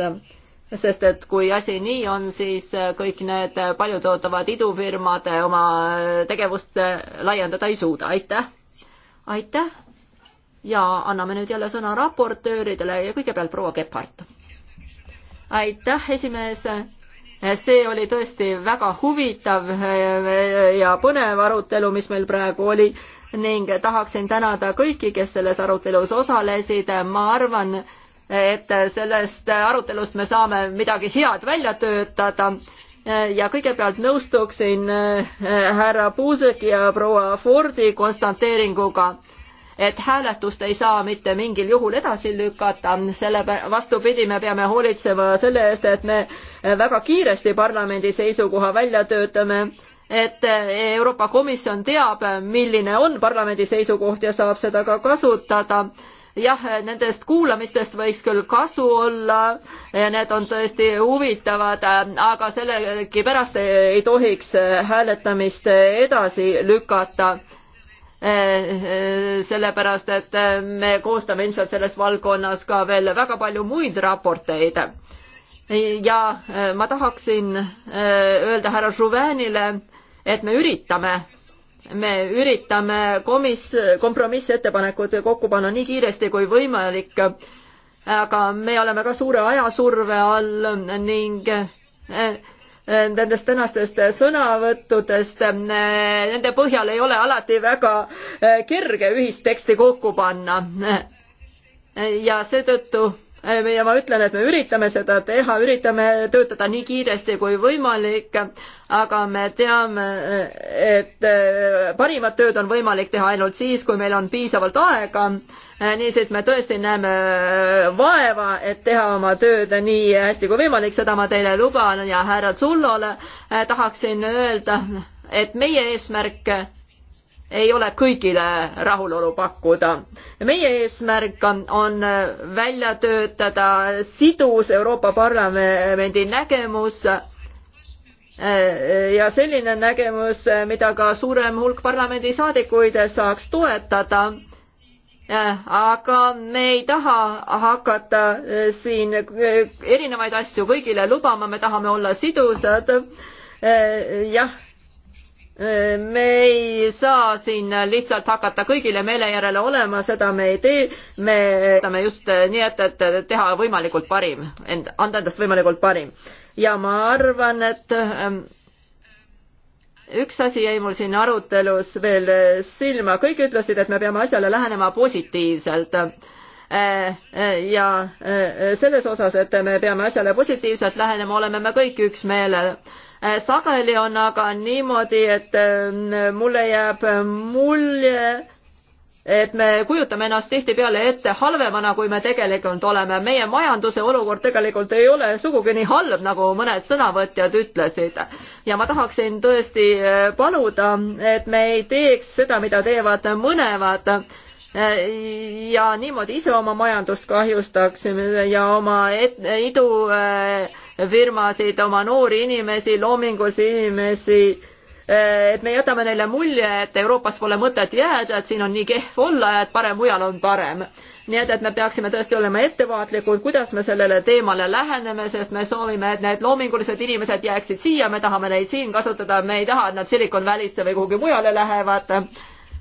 sest et kui asi nii on, siis kõik need paljutootavad idufirmad oma tegevust laiendada ei suuda, aitäh. aitäh ja anname nüüd jälle sõna raportööridele ja kõigepealt proua Kephart. aitäh, esimees. see oli tõesti väga huvitav ja põnev arutelu, mis meil praegu oli ning tahaksin tänada kõiki, kes selles arutelus osalesid, ma arvan, et sellest arutelust me saame midagi head välja töötada ja kõigepealt nõustuksin eh, härra Puuseki ja proua Fordi konstanteeringuga, et hääletust ei saa mitte mingil juhul edasi lükata, selle vastupidi, me peame hoolitsema selle eest, et me väga kiiresti parlamendi seisukoha välja töötame et eh, Euroopa Komisjon teab, milline on parlamendi seisukoht ja saab seda ka kasutada jah, nendest kuulamistest võiks küll kasu olla ja need on tõesti huvitavad, aga sellegipärast ei tohiks hääletamist edasi lükata. Eh, sellepärast, et me koostame ilmselt selles valdkonnas ka veel väga palju muid raporteid. ja eh, ma tahaksin öelda härra Žuvenile, et me üritame me üritame komis-, kompromissettepanekud kokku panna nii kiiresti kui võimalik, aga me oleme ka suure ajasurve all ning eh, eh, nendest tänastest sõnavõttudest, eh, nende põhjal ei ole alati väga kerge ühisteksti kokku panna. ja seetõttu ja äh, ma ütlen, et me üritame seda teha, üritame töötada nii kiiresti kui võimalik, aga me teame, et äh, parimat tööd on võimalik teha ainult siis, kui meil on piisavalt aega. Äh, niisiis me tõesti näeme vaeva, et teha oma tööd nii hästi kui võimalik, seda ma teile luban ja härra Zullole tahaksin öelda, et meie eesmärk ei ole kõigile rahulolu pakkuda. meie eesmärk on välja töötada sidus Euroopa Parlamendi nägemus eh, ja selline nägemus, mida ka suurem hulk parlamendisaadikuid saaks toetada eh, aga me ei taha hakata eh, siin erinevaid asju kõigile lubama, me tahame olla sidusad. jah, me ei saa siin lihtsalt hakata kõigile meele järele olema, seda me ei tee, me teeme just nii, et, et teha võimalikult parim, end, anda endast võimalikult parim. ja ma arvan, et ähm, üks asi jäi mul siin arutelus veel silma, kõik ütlesid, et me peame asjale lähenema positiivselt äh, äh, ja äh, selles osas, et me peame asjale positiivselt lähenema, oleme me kõik üksmeelel Äh, sageli on aga niimoodi, et ähm, mulle jääb mulje, et me kujutame ennast tihtipeale ette halvemana, kui me tegelikult oleme. meie majanduse olukord tegelikult ei ole sugugi nii halb, nagu mõned sõnavõtjad ütlesid. ja ma tahaksin tõesti äh, paluda, et me ei teeks seda, mida teevad mõnevad äh, ja niimoodi ise oma majandust kahjustaksime ja oma et, idu äh, firmasid, oma noori inimesi, loomingulisi inimesi, eh, et me jätame neile mulje, et Euroopas pole mõtet jääda, et siin on nii kehv olla ja et parem mujal on parem nii et, et me peaksime tõesti olema ettevaatlikud, kuidas me sellele teemale läheneme, sest me soovime, et need loomingulised inimesed jääksid siia, me tahame neid siin kasutada, me ei taha, et nad Silicon Valley'sse või kuhugi mujale lähevad.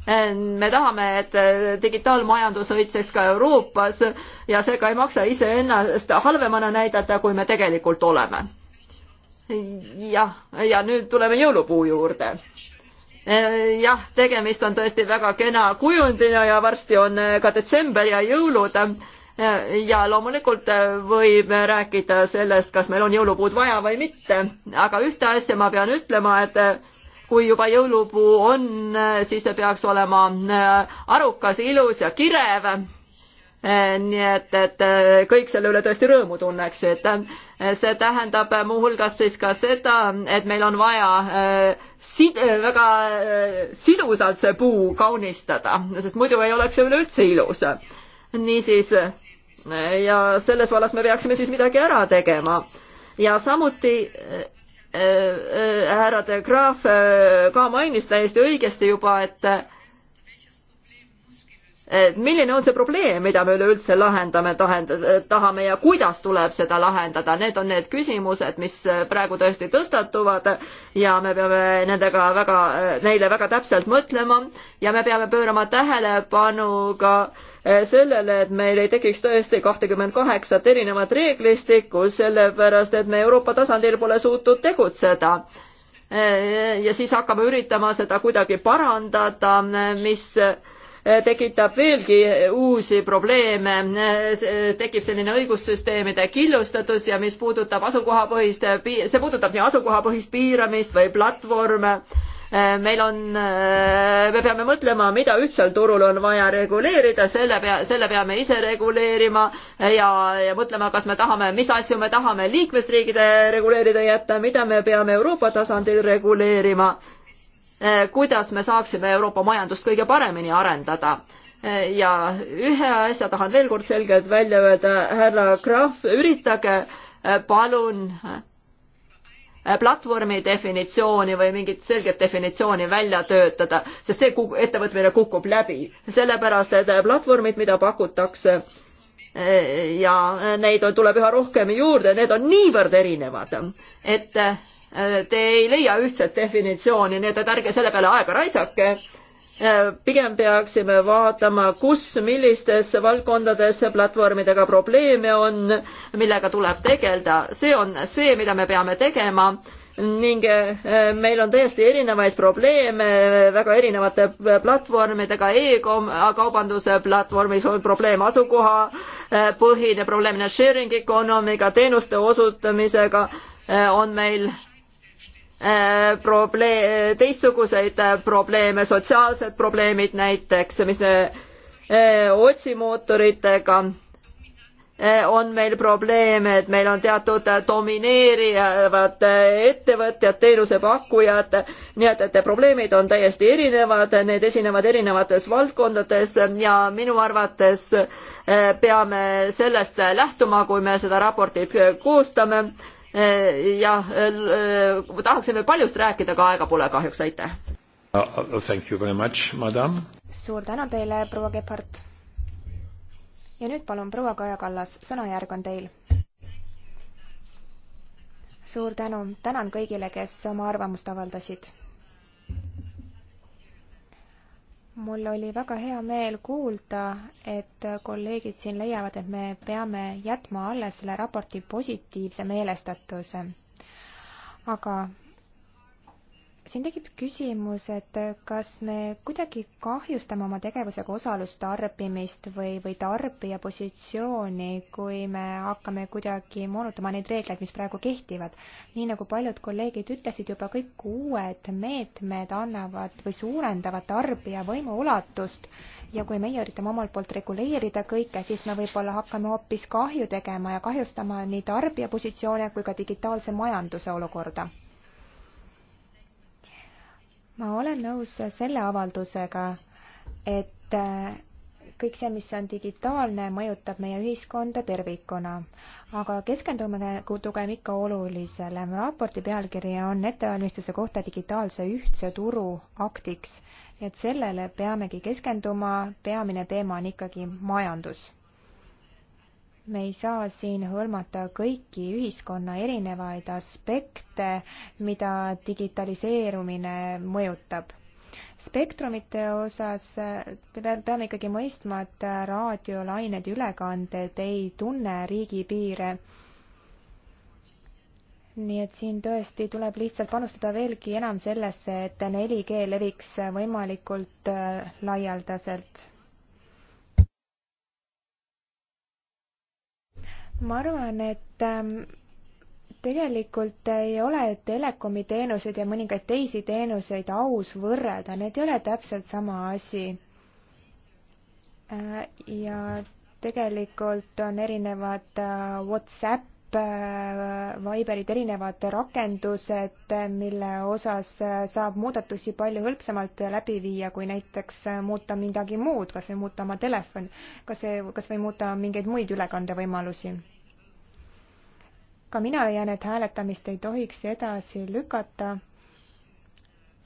Ehm, me tahame, et eh, digitaalmajandus õitseks ka Euroopas ja seega ei maksa iseennast halvemana näidata, kui me tegelikult oleme. jah, ja nüüd tuleme jõulupuu juurde. Ehm, jah, tegemist on tõesti väga kena kujundina ja varsti on eh, ka detsember ja jõulud ehm, ja loomulikult eh, võib rääkida sellest, kas meil on jõulupuud vaja või mitte, aga ühte asja ma pean ütlema, et kui juba jõulupuu on, siis see peaks olema äh, arukas, ilus ja kirev äh, nii et, et äh, kõik selle üle tõesti rõõmu tunneksid. see tähendab muuhulgas siis ka seda, et meil on vaja sid-, väga sidusalt see puu kaunistada, sest muidu ei oleks see üleüldse ilus. niisiis, ja selles vallas me peaksime siis midagi ära tegema. ja samuti Äh, äh, härra de Graaf äh, ka mainis täiesti õigesti juba, et et milline on see probleem, mida me üleüldse lahendame, tahame ja kuidas tuleb seda lahendada, need on need küsimused, mis praegu tõesti tõstatuvad ja me peame nendega väga, neile väga täpselt mõtlema ja me peame pöörama tähelepanu ka äh, Eh, sellele, et meil ei tekiks tõesti kahtekümmend kaheksat erinevat reeglistikku, sellepärast et me Euroopa tasandil pole suutnud tegutseda eh, ja siis hakkame üritama seda kuidagi parandada, eh, mis tekitab veelgi uusi probleeme, tekib selline õigussüsteemide killustatus ja mis puudutab asukohapõhist, see puudutab nii asukohapõhist piiramist või platvorme Äh, meil on, äh, me peame mõtlema, mida ühtsel turul on vaja reguleerida, selle pea, selle peame ise reguleerima äh, ja, ja mõtlema, kas me tahame, mis asju me tahame liikmesriigide reguleerida jätta, mida me peame Euroopa tasandil reguleerima, kuidas me saaksime Euroopa majandust kõige paremini arendada ja ühe asja tahan veel kord selgelt välja öelda, härra Krahv, üritage palun äh, Äh, platvormi definitsiooni või mingit selget definitsiooni välja töötada, sest see ettevõtmine kukub läbi, sellepärast et äh, platvormid, mida pakutakse äh, ja neid on, tuleb üha rohkem juurde, need on niivõrd erinevad, et te ei leia ühtset definitsiooni, nii et ärge selle peale aega raisake Äh, pigem peaksime vaatama, kus, millistes valdkondades platvormidega probleeme on, millega tuleb tegeleda, see on see, mida me peame tegema ning äh, meil on täiesti erinevaid probleeme väga erinevate platvormidega e, e-kaubanduse platvormis on probleem asukoha äh, põhine, probleemne sharing economy'ga, teenuste osutamisega on meil Äh, probleem, äh, teistsuguseid äh, probleeme, sotsiaalsed probleemid näiteks, mis otsimootoritega on meil probleeme, et meil on teatud domineerivad ettevõtjad, teenusepakkujad, nii et, et probleemid on täiesti erinevad, need esinevad erinevates valdkondades ja minu arvates peame sellest lähtuma, kui me seda raportit koostame Eh, jah, eh, tahaksime paljust rääkida, aga aega pole kahjuks, aitäh. Uh, uh, thank you very much, madam. suur tänu teile, proua Gebhardt. ja nüüd palun, proua Kaja Kallas, sõnajärg on teil. suur tänu, tänan kõigile, kes oma arvamust avaldasid mul oli väga hea meel kuulda, et kolleegid siin leiavad, et me peame jätma alles selle raporti positiivse meelestatuse. aga siin tekib küsimus, et kas me kuidagi kahjustame oma tegevusega osalustarbimist või, või tarbija positsiooni, kui me hakkame kuidagi moonutama neid reegleid, mis praegu kehtivad. nii nagu paljud kolleegid ütlesid juba, kõik uued meetmed annavad või suurendavad tarbija võimuulatust ja kui meie üritame omalt poolt reguleerida kõike, siis me võib-olla hakkame hoopis kahju tegema ja kahjustama nii tarbija positsioone kui ka digitaalse majanduse olukorda ma olen nõus selle avaldusega, et äh, kõik see, mis on digitaalne, mõjutab meie ühiskonda tervikuna. aga keskendume pigem nagu ikka olulisele. raporti pealkiri on ettevalmistuse kohta digitaalse ühtse turu aktiks. nii et sellele peamegi keskenduma. peamine teema on ikkagi majandus me ei saa siin hõlmata kõiki ühiskonna erinevaid aspekte, mida digitaliseerumine mõjutab spektrumite osas äh, peame ikkagi mõistma, et raadiolained ja ülekanded ei tunne riigipiire. nii et siin tõesti tuleb lihtsalt panustada veelgi enam sellesse, et 4G leviks võimalikult äh, laialdaselt ma arvan, et ähm, tegelikult ei ole telekomi teenuseid ja mõningaid teisi teenuseid aus võrrelda, need ei ole täpselt sama asi. Äh, ja tegelikult on erinevad äh, Whatsapp Äh, Viberid, erinevad rakendused, mille osas äh, saab muudatusi palju hõlpsamalt läbi viia, kui näiteks äh, muuta midagi muud, kas või muuta oma telefon, kas see, kas või muuta mingeid muid ülekandevõimalusi. ka mina leian, et hääletamist ei tohiks edasi lükata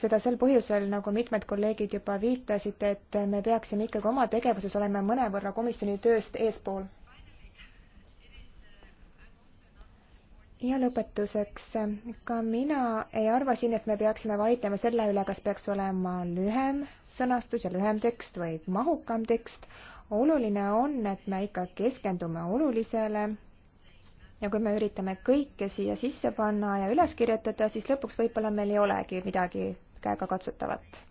seda sel põhjusel, nagu mitmed kolleegid juba viitasid, et me peaksime ikkagi oma tegevuses olema mõnevõrra komisjoni tööst eespool ja lõpetuseks, ka mina ei arva siin, et me peaksime vaidlema selle üle, kas peaks olema lühem sõnastus ja lühem tekst või mahukam tekst. oluline on, et me ikka keskendume olulisele. ja kui me üritame kõike siia sisse panna ja üles kirjutada, siis lõpuks võib-olla meil ei olegi midagi käegakatsutavat.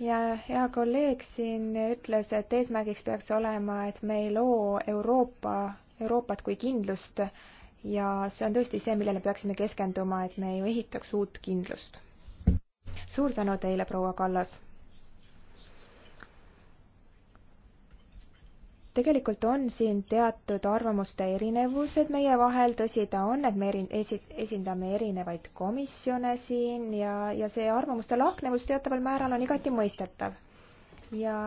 ja hea kolleeg siin ütles, et eesmärgiks peaks olema, et me ei loo Euroopa Euroopat kui kindlust, ja see on tõesti see, millele peaksime keskenduma, et me ju ehitaks uut kindlust. suur tänu teile, proua Kallas. tegelikult on siin teatud arvamuste erinevused meie vahel, tõsi ta on, et me eri, esi-, esindame erinevaid komisjone siin ja, ja see arvamuste lahknevus teataval määral on igati mõistetav. ja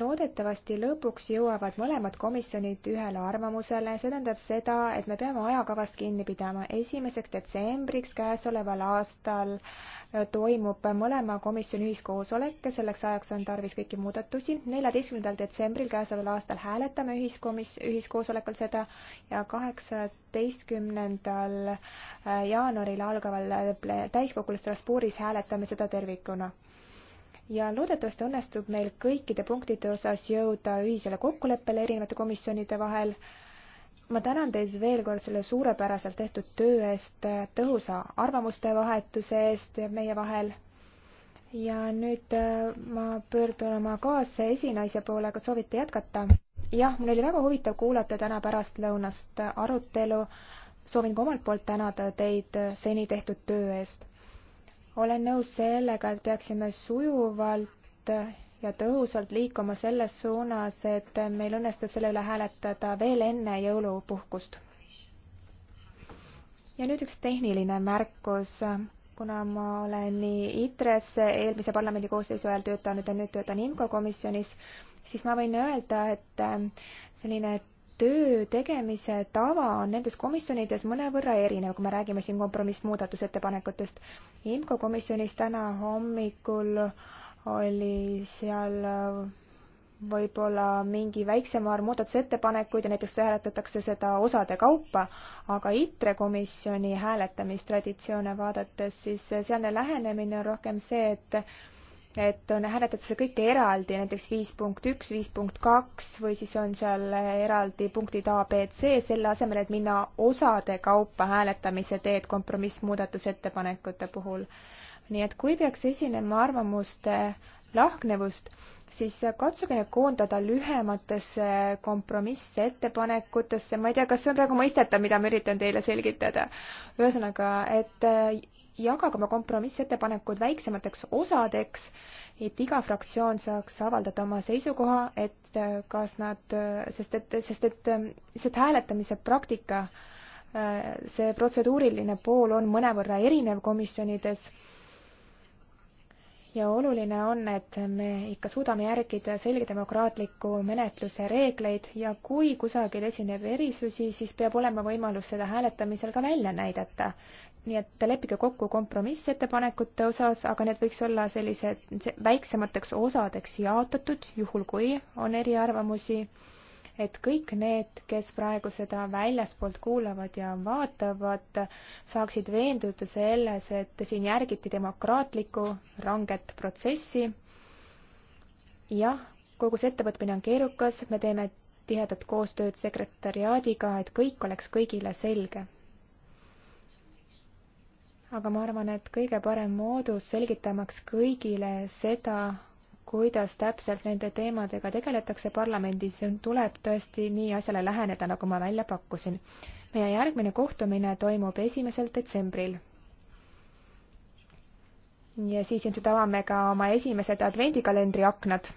loodetavasti lõpuks jõuavad mõlemad komisjonid ühele arvamusele, see tähendab seda, et me peame ajakavast kinni pidama. esimeseks detsembriks käesoleval aastal äh, toimub mõlema komisjoni ühiskoosolek, selleks ajaks on tarvis kõiki muudatusi. neljateistkümnendal detsembril käesoleval aastal hääletame ühiskomis-, ühiskoosolekul seda ja kaheksateistkümnendal äh, jaanuaril algaval äh, täiskogul Strasbourgis hääletame seda tervikuna ja loodetavasti õnnestub meil kõikide punktide osas jõuda ühisele kokkuleppele erinevate komisjonide vahel. ma tänan teid veel kord selle suurepäraselt tehtud töö eest, tõhusa arvamuste vahetuse eest meie vahel. ja nüüd äh, ma pöördun oma kaasesinaise poole, kas soovite jätkata? jah, mul oli väga huvitav kuulata täna pärastlõunast arutelu. soovin ka omalt poolt tänada teid äh, seni tehtud töö eest olen nõus sellega, et peaksime sujuvalt ja tõhusalt liikuma selles suunas, et meil õnnestub selle üle hääletada veel enne jõulupuhkust. ja nüüd üks tehniline märkus, kuna ma olen nii ITRE-s eelmise parlamendi koosseisu ajal töötanud ja nüüd töötan IMCO komisjonis, siis ma võin öelda, et selline töö tegemise tava on nendes komisjonides mõnevõrra erinev, kui me räägime siin kompromissmuudatusettepanekutest. IMCO komisjonis täna hommikul oli seal äh, võib-olla mingi väiksem arv muudatusettepanekuid ja näiteks hääletatakse seda osade kaupa, aga ITRE komisjoni hääletamistraditsioone vaadates, siis sealne lähenemine on rohkem see, et et on, hääletatakse kõike eraldi, näiteks viis punkt üks, viis punkt kaks või siis on seal eraldi punktid A, B, C, selle asemel, et minna osade kaupa hääletamise teed kompromissmuudatusettepanekute puhul. nii et kui peaks esinema arvamuste lahknevust, siis katsuge need koondada lühematesse kompromissettepanekutesse, ma ei tea, kas see on praegu mõistetav, mida ma üritan teile selgitada. ühesõnaga, et jagage oma kompromissettepanekud väiksemateks osadeks, et iga fraktsioon saaks avaldada oma seisukoha, et äh, kas nad, äh, sest et, sest et lihtsalt ähm, hääletamise praktika, äh, see protseduuriline pool on mõnevõrra erinev komisjonides ja oluline on, et me ikka suudame järgida selgedemokraatliku menetluse reegleid ja kui kusagil esineb erisusi, siis peab olema võimalus seda hääletamisel ka välja näidata nii et leppige kokku kompromissettepanekute osas, aga need võiks olla sellised väiksemateks osadeks jaotatud, juhul kui on eriarvamusi, et kõik need, kes praegu seda väljaspoolt kuulavad ja vaatavad, saaksid veenduda selles, et siin järgiti demokraatlikku ranget protsessi. jah, kogu see ettevõtmine on keerukas, me teeme tihedat koostööd sekretariaadiga, et kõik oleks kõigile selge aga ma arvan, et kõige parem moodus selgitamaks kõigile seda, kuidas täpselt nende teemadega tegeletakse parlamendis, tuleb tõesti nii asjale läheneda, nagu ma välja pakkusin. meie järgmine kohtumine toimub esimesel detsembril. ja siis ilmselt avame ka oma esimesed advendikalendri aknad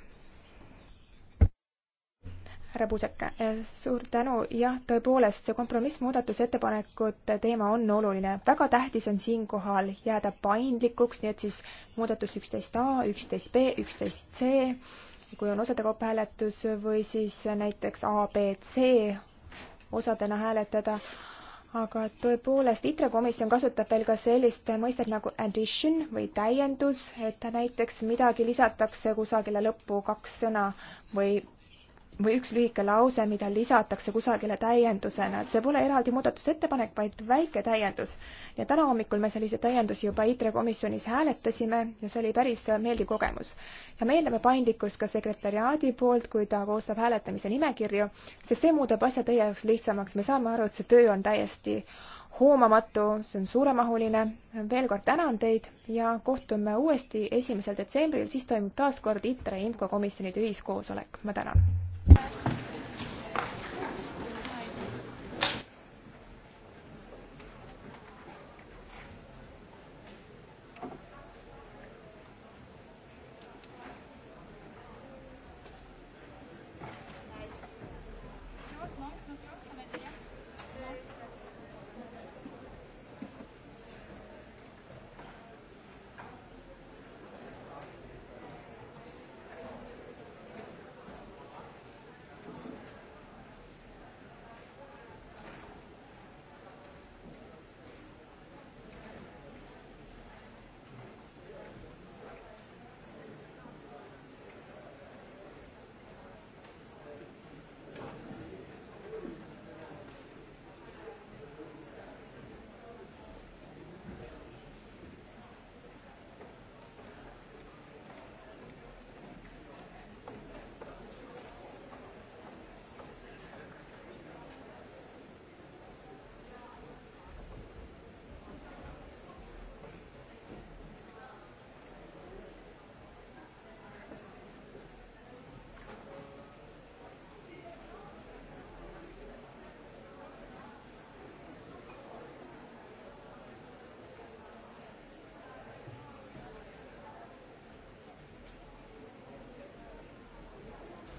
härra Puusek, eh, suur tänu, jah, tõepoolest, see kompromissmuudatusettepanekute teema on oluline. väga tähtis on siinkohal jääda paindlikuks, nii et siis muudatus üksteist A, üksteist B, üksteist C, kui on osade kaupa hääletus või siis näiteks A, B, C osadena hääletada, aga tõepoolest, ITRE komisjon kasutab veel ka sellist mõistet nagu addition või täiendus, et näiteks midagi lisatakse kusagile lõppu kaks sõna või või üks lühike lause, mida lisatakse kusagile täiendusena, et see pole eraldi muudatusettepanek, vaid väike täiendus. ja täna hommikul me sellise täiendusi juba ITRE komisjonis hääletasime ja see oli päris meeldiv kogemus. ja me eeldame paindlikkust ka sekretäriaadi poolt, kui ta koostab hääletamise nimekirju, sest see muudab asja teie jaoks lihtsamaks, me saame aru, et see töö on täiesti hoomamatu, see on suuremahuline. veel kord tänan teid ja kohtume uuesti esimesel detsembril, siis toimub taas kord ITRE ja IMCO komisjonide ühiskoosolek. ma tänan